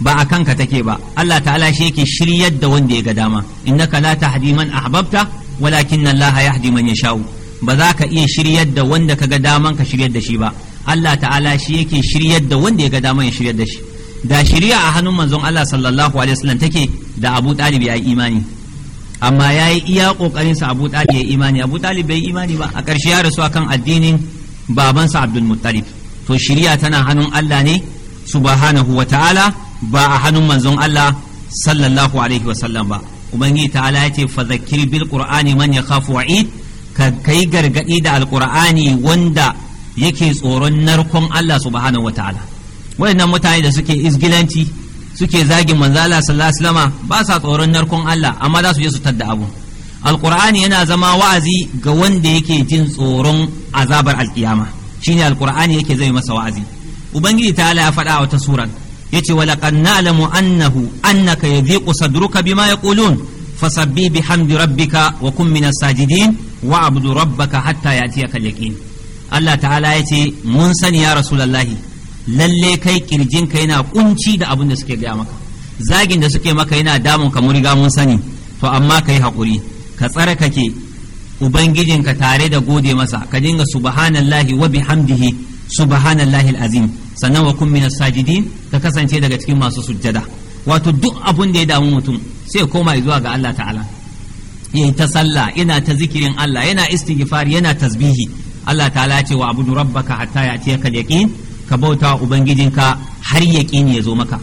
ba a kanka take ba Allah ta'ala shi yake shiryar da wanda ya ga dama innaka la tahdi man ahbabta walakin Allah yahdi man yasha'u ba za ka iya shiryar da wanda ka ga daman ka shiryar da shi ba Allah ta'ala shi yake shiryar da wanda ya ga daman ya shiryar da shi da shiriya a hannun manzon Allah sallallahu alaihi wasallam take da Abu Talib ya yi imani amma ya yi iya kokarin sa Abu Talib ya yi imani Abu Talib bai imani ba a ƙarshe ya rasu akan addinin babansa Abdul Muttalib to shiriya tana hannun Allah ne subhanahu wa ta'ala ba a hannun manzon Allah sallallahu alaihi wa sallam ba ubangiji ta'ala ya ce fadhakkir bil qur'ani man yakhafu wa'id ka kai gargadi da alqur'ani wanda yake tsoron narkon Allah subhanahu wa ta'ala wayannan mutane da suke izgilanci suke zagin manzala sallallahu alaihi wa ba sa tsoron narkon Allah amma za su je su tadda abu alkur'ani yana zama wa'azi ga wanda yake jin tsoron azabar alkiyama shine alkur'ani yake zai masa wa'azi ubangiji ta ya faɗa wata suran yace wa laqad na'lamu annahu annaka yadhiqu sadruka bima yaqulun fasabbi bihamdi rabbika wa kun minas sajidin wa abdu rabbaka hatta yatiyaka yaqin Allah ta'ala yace mun sani ya rasulullahi lalle kai ka yana kunci da abin da suke gaya maka zagin da suke maka yana damun ka mun riga mun sani to amma kai hakuri ka tsare kake ubangijinka tare da gode masa ka dinga subhanallahi wa bihamdihi subhanallahi azim. sannan wa kun min sajidin ka kasance daga cikin masu sujjada wato duk abun da ya damu mutum sai koma zuwa ga Allah ta'ala yayi ta sallah yana ta zikirin Allah yana istighfar yana tasbihi Allah ta'ala ce wa abudu rabbaka hatta ya'tiyaka al-yaqin ka bauta ubangijinka har yaqin ya zo maka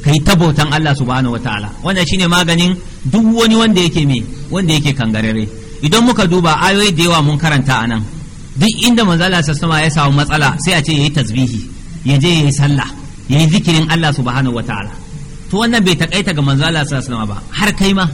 kai ta bautan Allah subhanahu wataala wannan shine maganin duk wani wanda yake me wanda yake kangarare idan muka duba ayoyi da yawa mun karanta anan duk inda manzo Allah ya samu matsala sai a ce yayi tasbihi ya je ya yi sallah ya yi zikirin Allah subhanahu wa ta'ala to wannan bai takaita ga manzo Allah sallallahu alaihi ba har kai ma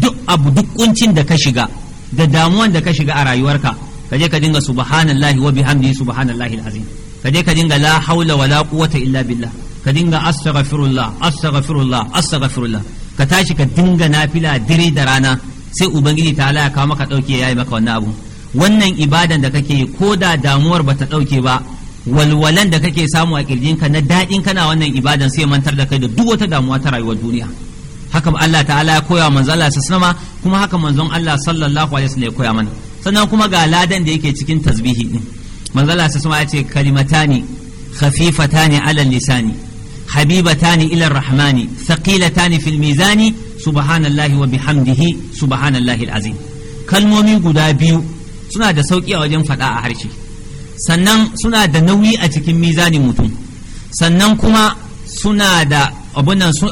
duk abu duk kuncin da ka shiga da damuwan da ka shiga a rayuwarka ka je ka dinga subhanallahi wa bihamdihi subhanallahi alazim ka je ka dinga la haula wala quwwata illa billah ka dinga astaghfirullah astaghfirullah astaghfirullah ka tashi ka dinga nafila dire da rana sai ubangiji ta ya kawo maka dauke yayi maka wannan abu wannan ibadan da kake ko da damuwar bata dauke ba walwalan da kake samu a kirjinka na daɗin kana wannan ibadan sai mantar da kai da duk wata damuwa ta rayuwar duniya haka Allah ta'ala ya koya manzon Allah sallama kuma haka manzon Allah sallallahu alaihi wasallam ya koya mana sannan kuma ga ladan da yake cikin tasbihi din manzon Allah sallama ya ce kalimatani khafifatani ala lisani habibatani ila rahmani thaqilatani fil mizani subhanallahi wa bihamdihi subhanallahi alazim kalmomi guda biyu suna da sauki a wajen faɗa a harshe sannan suna da nauyi a cikin mizanin mutum sannan kuma suna da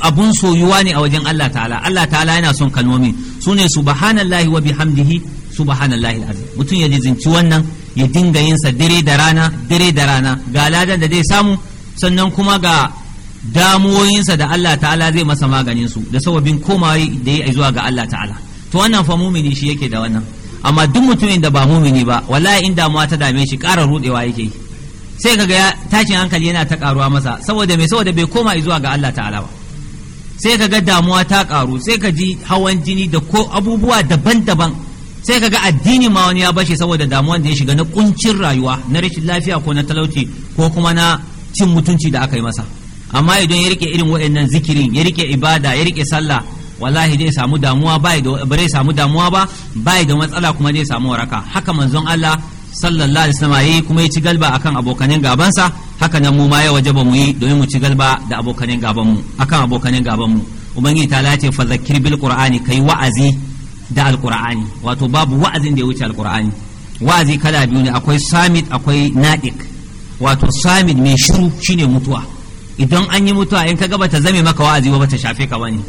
abun soyuwa ne a wajen Allah ta'ala Allah ta'ala yana son kalmomi su ne subhanallahi wa bihamdihi subhanallahi alazim mutum ya jizinci wannan ya dinga yin sa dare da rana dare da rana ga ladan da zai samu sannan kuma ga damuwoyinsa da Allah ta'ala zai masa maganin su da sababin komai da ya zuwa ga Allah ta'ala to wannan fa mumini shi yake da wannan amma duk mutumin da ba mumini ba wallahi in damuwa ta dame shi ƙara rudewa yake yi sai kaga ya tashin hankali yana ta karuwa masa saboda mai saboda bai koma zuwa ga Allah ta'ala ba sai kaga damuwa ta karu sai ka ji hawan jini da ko abubuwa daban-daban sai kaga addini ma wani ya bashi saboda damuwan da ya shiga na kuncin rayuwa na rashin lafiya ko na talauci ko kuma na cin mutunci da aka yi masa amma idan ya rike irin waɗannan zikirin ya rike ibada ya rike sallah wallahi zai samu damuwa bai da bare samu damuwa ba bai da matsala kuma zai samu waraka haka manzon Allah sallallahu alaihi wasallam yayi kuma ya ci galba akan gaban sa haka nan mu ma ya wajaba mu yi domin mu ci galba da abokanin gaban mu akan abokanin gaban mu ubangiji ta lace fa zakir bil qur'ani kai wa'azi da alqur'ani wato babu wa'azin da ya wuce alqur'ani wa'azi kala biyu ne akwai samit akwai nadik wato samit mai shiru shine mutuwa idan an yi mutuwa in ka gaba ta zame maka wa'azi ba ta shafe ka bane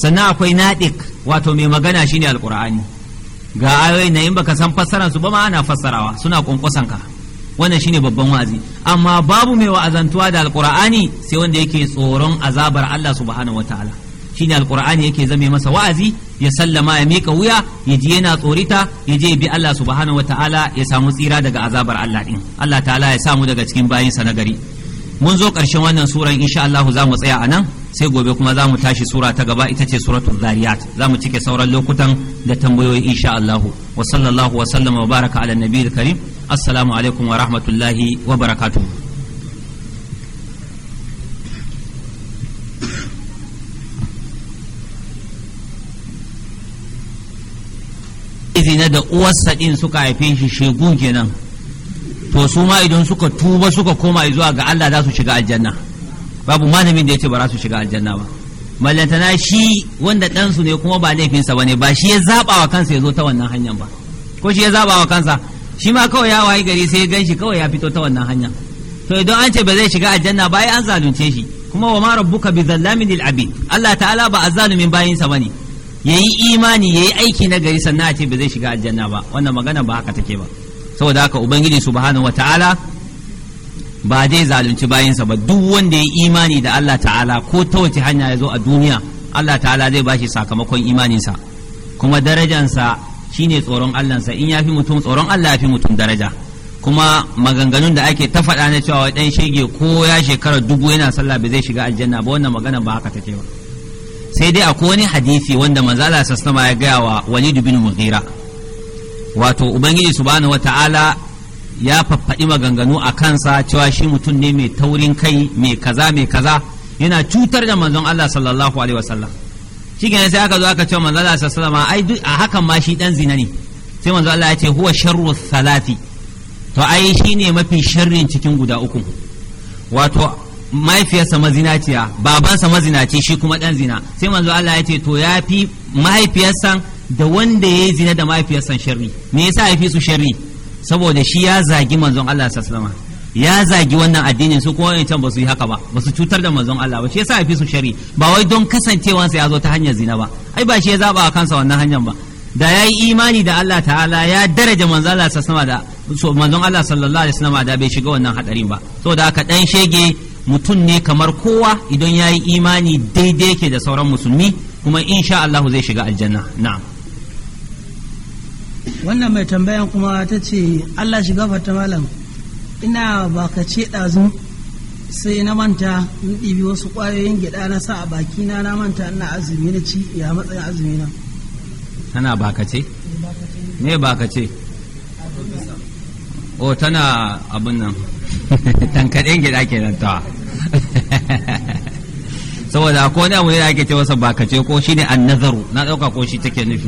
sannan akwai naɗik wato mai magana shine alƙur'ani ga 'ayoyin na in baka san fassaran su ba ma ana fassarawa suna ƙunƙusan ka wannan shine babban wa'azi amma babu mai wa'azantuwa da alƙur'ani sai wanda yake tsoron azabar Allah subhanahu wataala shine alƙur'ani yake zame masa wa'azi ya sallama ya mika wuya ya ji yana tsorita ya je bi Allah subhanahu wataala ya samu tsira daga azabar Allah din Allah ta'ala ya samu daga cikin bayinsa na gari mun zo ƙarshen wannan suran insha Allah za mu tsaya a nan sai gobe kuma za mu tashi sura ta gaba ita ce suratu zariyat za mu cike sauran lokutan da tambayoyi insha Allah wa sallallahu wa sallama wa baraka ala nabiyil karim assalamu alaikum wa rahmatullahi wa barakatuh zina da uwarsa ɗin suka haife shi shegun kenan to su ma idan suka tuba suka koma zuwa ga Allah za su shiga aljanna babu malamin da yace ba za su shiga aljanna ba mallantana shi wanda ɗansu ne kuma ba laifinsa ba ne ba shi ya zaɓa wa kansa ya zo ta wannan hanyar ba ko shi ya zaɓa wa kansa shi ma kawai ya wayi gari sai ya gan kawai ya fito ta wannan hanya to idan an ce ba zai shiga aljanna ba ai an zalunce shi kuma wa ma rabbuka bi zallamin lil abid Allah ta'ala ba azzalumin bayinsa bane yayi imani yayi aiki na gari sannan a ce ba zai shiga aljanna ba wannan magana ba haka take ba saboda haka ubangiji subhanahu ta'ala ba zai zalunci bayansa ba duk wanda ya imani da Allah ta'ala ko ta wace hanya ya zo a duniya Allah ta'ala zai bashi sakamakon imaninsa kuma darajansa shine tsoron Allahnsa in ya fi mutum tsoron Allah ya mutum daraja kuma maganganun da ake ta faɗa na cewa dan shege ko ya shekara dubu yana sallah ba zai shiga aljanna ba wannan magana ba haka take ba sai dai akwai wani hadisi wanda manzala sassama ya gaya wa Walid bin Mughira wato ubangiji subhanahu wata'ala ya faffaɗi maganganu a kansa cewa shi mutum ne mai taurin kai mai kaza mai kaza yana cutar da manzon Allah sallallahu alaihi wasallam shi kenan sai aka zo aka cewa manzon Allah sallallahu alaihi wasallam ai duk a hakan ma shi dan zina ne sai manzon Allah ya ce huwa sharru salati to ai shi ne mafi sharrin cikin guda uku wato mahaifiyarsa mazinaciya babansa mazinaci shi kuma dan zina sai manzon Allah ya ce to ya fi mahaifiyarsa da wanda ya yi zina da mahaifiyarsa sharri me yasa ya fi su sharri saboda shi ya zagi manzon Allah sallallahu ya zagi wannan addinin su kuma wancan ba su yi haka ba ba su cutar da manzon Allah ba shi yasa ya fi su sharri ba wai don kasancewansa ya zo ta hanyar zina ba ai ba shi ya zaba a kansa wannan hanyar ba da ya yi imani da Allah ta'ala ya daraja manzon Allah sallallahu da manzon Allah sallallahu alaihi wasallam da bai shiga wannan hadarin ba saboda haka dan shege mutum ne kamar kowa idan yayi yi imani daidai yake da sauran musulmi kuma insha Allah zai shiga aljanna na'am wannan mai tambayan kuma ta ce allah shiga fata malam ina bakace ɗazu sai na manta in ɗibi wasu ƙwayoyin gyaɗa na sa a baki na na manta ina azumi na ci ya matsayin azumi na tana bakace me bakace o oh, tana abin nan tankaɗen gyaɗa kenan ta saboda ko ne abu ne da ake ce ka bakace ko shine annazaru na ɗauka ko shi take nufi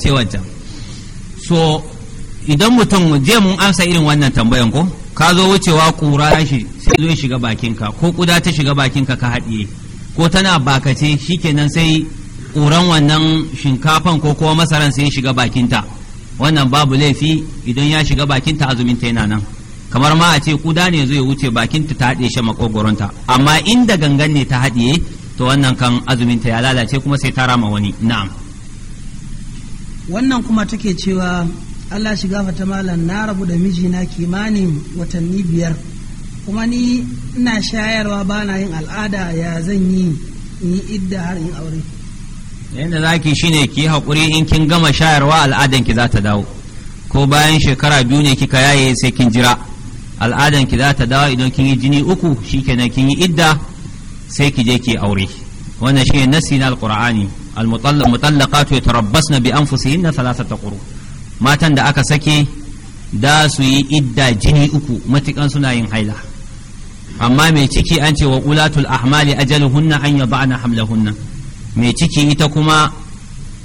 ce wancan so idan mutum je mun amsa irin wannan tambayan ko ka zo wucewa kura shi sai zo shiga bakinka ko kuda ta shiga bakinka ka haɗiye ko tana bakace shikenan sai ƙuran wannan shinkafan ko kuma masaran sai shiga bakinta wannan babu laifi idan ya shiga bakinta azumin ta yana nan kamar ma a ce kuda ne zai wuce bakinta ta haɗe shi makogoronta amma inda gangan ne ta haɗiye to wannan kan azumin ta ya lalace kuma sai ta rama wani na'am wannan kuma take cewa allah shiga fata malam na rabu da mijina kimanin watanni biyar kuma ni ina shayarwa ba na yin al'ada ya zan yi ni idda har in aure yadda za ki ne ki haƙuri in kin gama shayarwa al'adan ki za ta dawo ko bayan shekara biyu ne kika yaye sai kin jira al'adan ki za ta dawo idan kin yi jini uku shikenan kin yi idda sai ki je ki aure wannan ne nasi na alqur'ani almutallaqatu yatarabbasna bi anfusihinna ta quru matan da aka sake da su yi idda jini uku matukan suna yin haila amma mai ciki an ce wa qulatul ahmali ajaluhunna an yada'na hamlahunna mai ciki ita kuma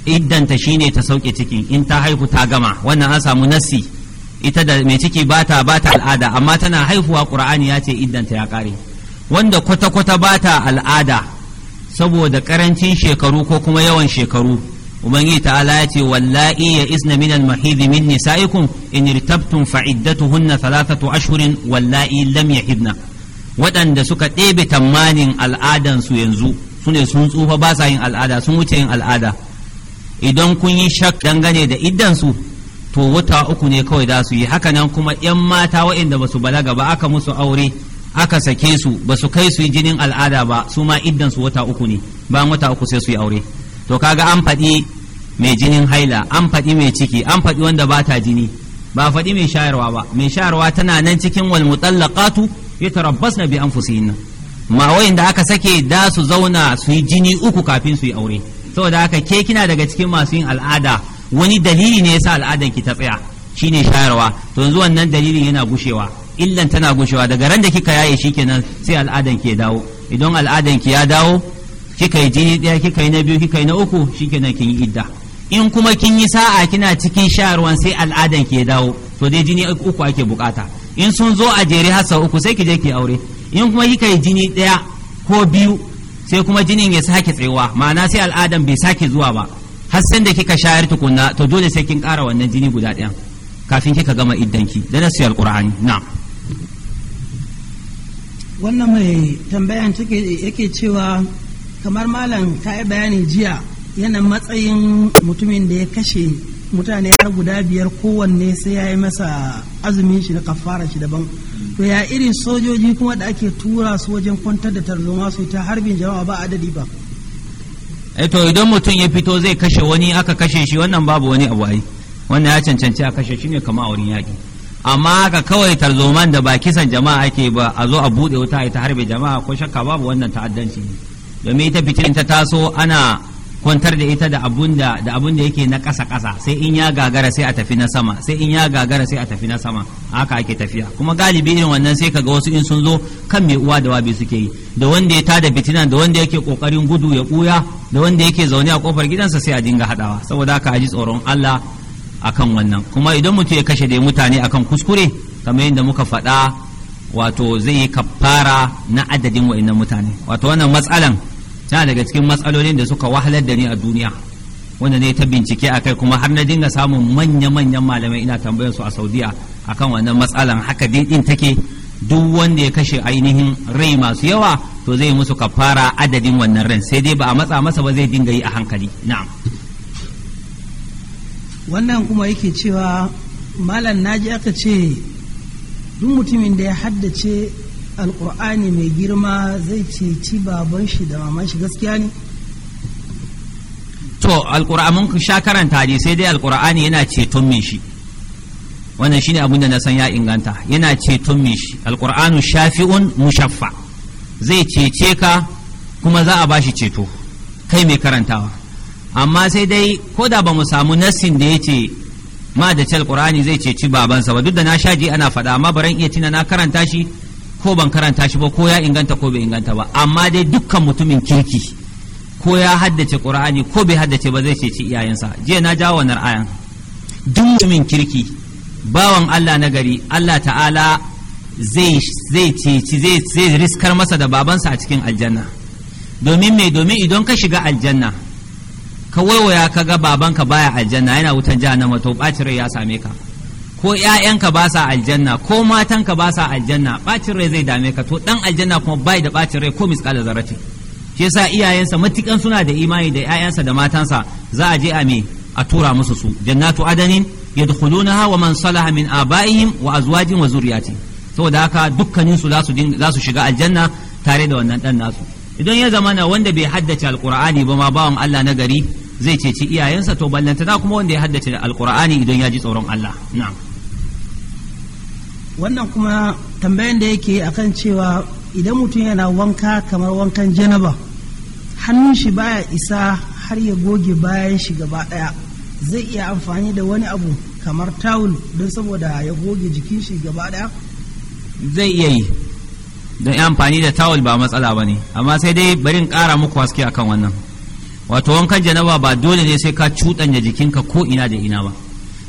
iddanta shine ta sauke cikin in ta haihu ta gama wannan an samu nassi ita da mai ciki bata bata al'ada amma tana haihuwa qur'ani ya ce iddanta ya kare wanda kwata kwata ba ta al'ada saboda karancin shekaru ko kuma yawan shekaru ubangiji ta'ala ya ce wallahi ya isna min al-mahidi min nisa'ikum in irtabtum fa iddatuhunna thalathatu ashhurin wallahi lam yahidna waɗanda suka ɗebe tamanin al'adan su yanzu sune sun tsufa ba sa yin al'ada sun wuce yin al'ada idan kun yi shak dangane da iddan su to wata uku ne kawai za su yi hakanan kuma yan mata waɗanda ba su balaga ba aka musu aure aka sake su ba su kai su jinin al'ada ba su ma iddan su wata uku ne bayan wata uku sai su yi aure to kaga an faɗi mai jinin haila an faɗi mai ciki an faɗi wanda ba ta jini ba faɗi mai shayarwa ba mai shayarwa tana nan cikin wal mutallaqatu na bi anfusihinna ma da aka sake da su zauna su yi jini uku kafin su yi aure saboda haka ke kina daga cikin masu yin al'ada wani dalili ne yasa al'adan ki ta tsaya shine shayarwa to yanzu wannan dalilin yana gushewa illan tana gushewa daga ran da kika yaye shikenan sai al'adan ke dawo idan al'adan ki ya dawo kika yi jini daya kika yi na biyu kika yi na uku shikenan kin yi idda in kuma kin yi sa'a kina cikin shayarwan sai al'adan ke dawo to dai jini uku ake bukata in sun zo a jere har uku sai ki je ki aure in kuma kika yi jini daya ko biyu sai kuma jinin ya sake tsayuwa ma'ana sai al'adan bai sake zuwa ba har san da kika shayar tukunna to dole sai kin ƙara wannan jini guda ɗaya kafin kika gama iddanki da nasiyar qur'ani na'am wannan mai tambayan yake cewa kamar malam ta yi bayani jiya yana matsayin mutumin da ya kashe mutane har guda biyar kowanne sai ya yi masa azumin shi da kafara shi daban to ya irin sojoji kuma da ake tura su wajen kwantar da tarzoma su ta harbin jama'a ba adadi ba eh to idan mutum ya fito zai kashe wani aka kashe shi wannan babu wani abu ai wannan ya cancanci a kashe shi ne kama a wurin yaƙi amma haka kawai tarzoman da ba kisan jama'a ake ba a zo a buɗe wuta ita harbe jama'a ko shakka babu wannan ta'addanci domin ita fitirin ta taso ana kwantar da ita da abun da da yake na ƙasa ƙasa sai in ya gagara sai a tafi na sama sai in ya gagara sai a tafi na sama haka ake tafiya kuma galibi irin wannan sai kaga wasu in sun zo kan mai uwa da wabi suke yi da wanda ya tada fitinan da wanda yake kokarin gudu ya kuya da wanda yake zaune a kofar gidansa sai a dinga hadawa saboda haka a ji tsoron Allah akan wannan kuma idan mutum ya kashe dai mutane akan kuskure kamar yadda muka faɗa wato zai yi kafara na adadin wa'annan mutane wato wannan matsalan tana daga cikin matsalolin da suka wahalar da ni a duniya wanda ne ta bincike akai kuma har na dinga samun manya-manyan malamai ina tambayar su a saudiya akan wannan matsalan haka dai din take duk wanda ya kashe ainihin rai masu yawa to zai musu kafara adadin wannan ran sai dai ba a matsa masa ba zai dinga yi a hankali na'am wannan kuma yake cewa malam naji aka ce duk mutumin da ya haddace alkur'ani mai girma zai ceci baban shi da maman shi gaskiya ne to alkur'ani ku sha karanta ne sai dai alkur'ani yana ceton mai shi wannan shine abin da na san ya inganta yana ceton mai shi alkur'anu shafi'un mushaffa zai cece ka kuma za a bashi ceto kai mai karantawa amma sai dai ko da ba mu samu nassin da ya ce ma da cal qur'ani zai ceci babansa ba duk da na shaji ana faɗa amma baran iya tina na karanta shi ko ban karanta shi ba ko ya inganta ko bai inganta ba amma dai dukkan mutumin kirki ko ya haddace qur'ani ko bai haddace ba zai ceci iyayensa jiya na jawo wannan ayan duk mutumin kirki bawan Allah na gari Allah ta'ala zai zai ceci zai riskar masa da babansa a cikin aljanna domin me domin idan ka shiga aljanna ka waiwaya ka ga babanka baya aljanna yana wutan jahannama to ɓacin rai ya same ka ko ƴaƴanka ba sa aljanna ko matanka ba sa aljanna ɓacin rai zai dame ka to ɗan aljanna kuma bai da ɓacin rai ko misƙala zarati shi yasa iyayensa matukan suna da imani da ƴaƴansa da matansa za a je a me a tura musu su jannatu adanin yadkhulunaha wa man salaha min abaihim wa azwajin wa zurriyati saboda haka dukkanin su za su shiga aljanna tare da wannan dan nasu idan ya zama na wanda bai haddace alqur'ani ba ma bawan Allah na gari zai ceci iyayensa to da kuma wanda ya haddace alqur'ani idan ya ji tsoron Allah na'am wannan kuma tambayan da yake akan cewa idan mutum yana wanka kamar wankan janaba hannun shi baya isa har ya goge bayan shi gaba daya zai iya amfani da wani abu kamar tawul don saboda ya goge jikin shi gaba daya zai iya yi don yi amfani da tawul ba matsala ba ne amma sai dai barin ƙara muku haske akan wannan wato wankan janaba ba dole ne sai ka cuɗanya jikinka ko ina da ina ba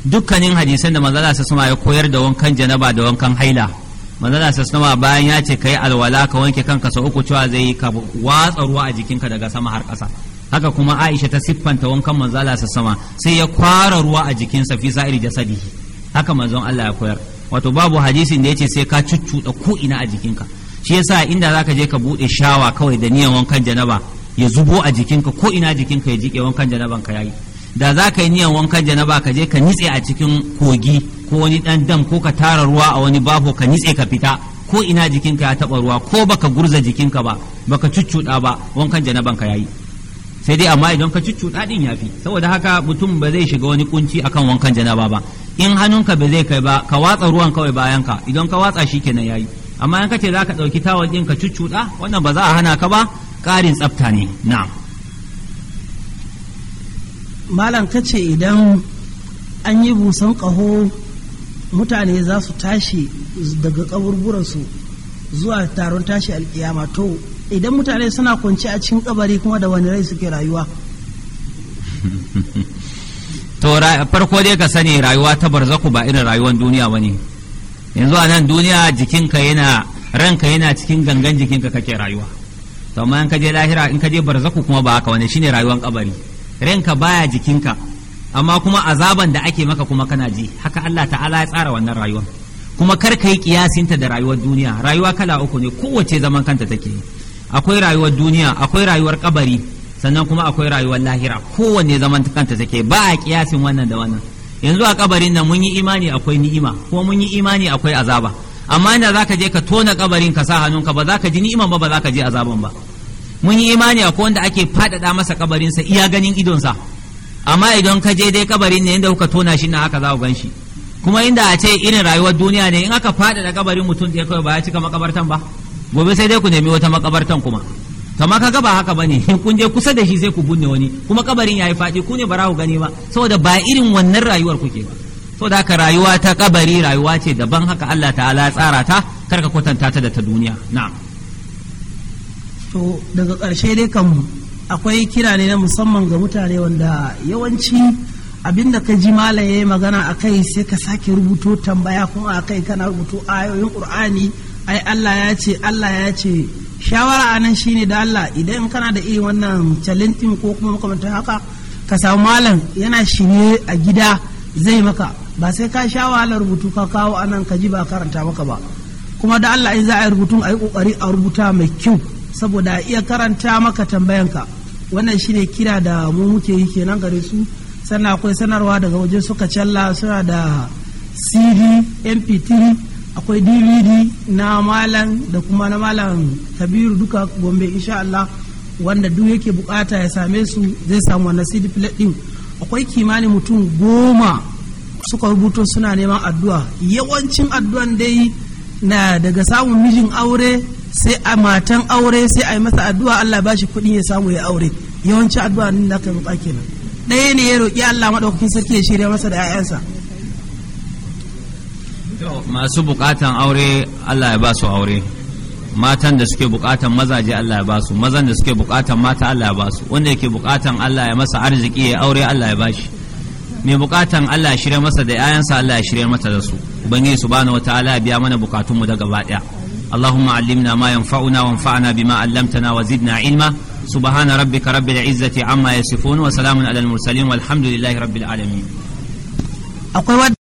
dukkanin hadisan da manzala sa sama ya koyar da wankan janaba da wankan haila manzala sa sama bayan ya ce ka yi alwala ka wanke kanka sau uku cewa zai yi ka watsa ruwa a jikinka daga sama har ƙasa haka kuma aisha ta siffanta wankan manzala sa sama sai ya kwara ruwa a jikinsa fi da jasadihi haka manzon Allah ya koyar wato babu hadisin da ya ce sai ka cuccuɗa ko ina a jikinka shi yasa inda ka je ka bude shawa kawai da niyan wankan janaba ya zubo a jikinka ko ina jikinka ya jike wankan janaban ka yayi da za ka yi niyan wankan janaba ka je ka nitse a cikin kogi ko wani dan dam ko ka tara ruwa a wani baho ka nitse ka fita ko ina jikinka ya taba ruwa ko baka gurza jikinka ba baka cuccuda ba wankan janaban ka yayi sai dai amma idan ka cuccuɗa din ya saboda haka mutum ba zai shiga wani kunci akan wankan janaba ba in hannunka ba zai kai ba ka watsa ruwan kawai bayan ka idan ka watsa shi kenan yayi amma in kace za ka ɗauki tawul ɗin ka cuccuɗa wannan ba za a hana ka ba ƙarin tsafta ne na'am malam kace idan an yi busan ƙaho mutane za su tashi daga kaburburansu zuwa taron tashi alkiyama to idan mutane suna kwanci a cikin kabari kuma da wani rai suke rayuwa to farko dai ka sani rayuwa ta barzaku ba irin rayuwar duniya ba yanzu a nan duniya jikinka yana ranka yana cikin gangan jikinka kake rayuwa to amma in ka je lahira in ka je barzaku kuma ba haka wani shine rayuwar kabari ranka baya jikinka amma kuma azaban da ake maka kuma kana ji haka Allah ta'ala ya tsara wannan rayuwar kuma kar ka yi kiyasinta da rayuwar duniya rayuwa kala uku ne kowace zaman kanta take akwai rayuwar duniya akwai rayuwar kabari sannan kuma akwai rayuwar lahira kowanne zaman kanta take ba a kiyasin wannan da wannan yanzu a kabarin nan mun yi imani akwai ni'ima ko mun yi imani akwai azaba amma inda zaka je ka tona kabarin ka sa hannunka ba zaka ji ni'iman ba ba zaka ji azaban ba mun yi imani akwai wanda ake faɗaɗa masa kabarin sa iya ganin idon sa amma idan ka je dai kabarin ne inda kuka tona shi na haka za ku gan kuma inda a ce irin rayuwar duniya ne in aka faɗaɗa kabarin mutum ya kawai ba ya cika makabartan ba gobe sai dai ku nemi wata makabartan kuma kama ka ga ba haka bane kun je kusa da shi sai ku bunne wani kuma kabarin yayi faɗi ku ne ba ku gani ba saboda ba irin wannan rayuwar kuke ba saboda haka rayuwa ta kabari rayuwa ce daban haka Allah ta'ala tsara ta karka kwatanta ta da ta duniya na'am to daga ƙarshe dai kan akwai kira ne na musamman ga mutane wanda yawanci abinda ka ji malam ya yi magana akai sai ka sake rubuto tambaya kuma akai kana rubuto ayoyin qur'ani ai Allah ya ce Allah ya ce shawara a nan shine da Allah idan kana da irin wannan challenge ko kuma makamanta haka ka samu malam yana shirye a gida zai maka ba sai ka sha wahalar rubutu ka kawo nan ka ji ba karanta maka ba kuma da Allah in za a yi rubutun a yi kokari a rubuta mai kyau saboda a iya karanta maka tambayanka wannan shine kira da mu muke yi kenan gare su sannan akwai sanarwa daga wajen suka challa suna da cd mp3 akwai dvd na malam da kuma na malam kabiru duka gombe insha Allah wanda duk yake bukata ya same su zai samu wannan cd plate din akwai kimanin mutum goma suka rubuto suna neman addu'a yawancin addu'an dai na daga samun mijin aure sai a matan aure sai a yi masa addu'a Allah ba shi kuɗi ya samu ya aure yawancin addu'a ne na aka kenan ɗaya ne ya roƙi Allah maɗaukakin sarki ya shirya masa da 'ya'yansa masu bukatan aure Allah ya ba su aure matan da suke bukatan mazaje Allah ya ba su mazan da suke bukatan mata Allah ya ba su wanda yake bukatan Allah ya masa arziki ya aure Allah ya ba shi mai bukatan Allah ya shirya masa da yayansa Allah ya shirya mata da su ubangiji subhanahu wataala ya biya mana bukatun mu da gaba daya ma علمنا ما ينفعنا وانفعنا بما علمتنا وزدنا علما سبحان ربك رب العزة عما يصفون وسلام على المرسلين والحمد لله رب العالمين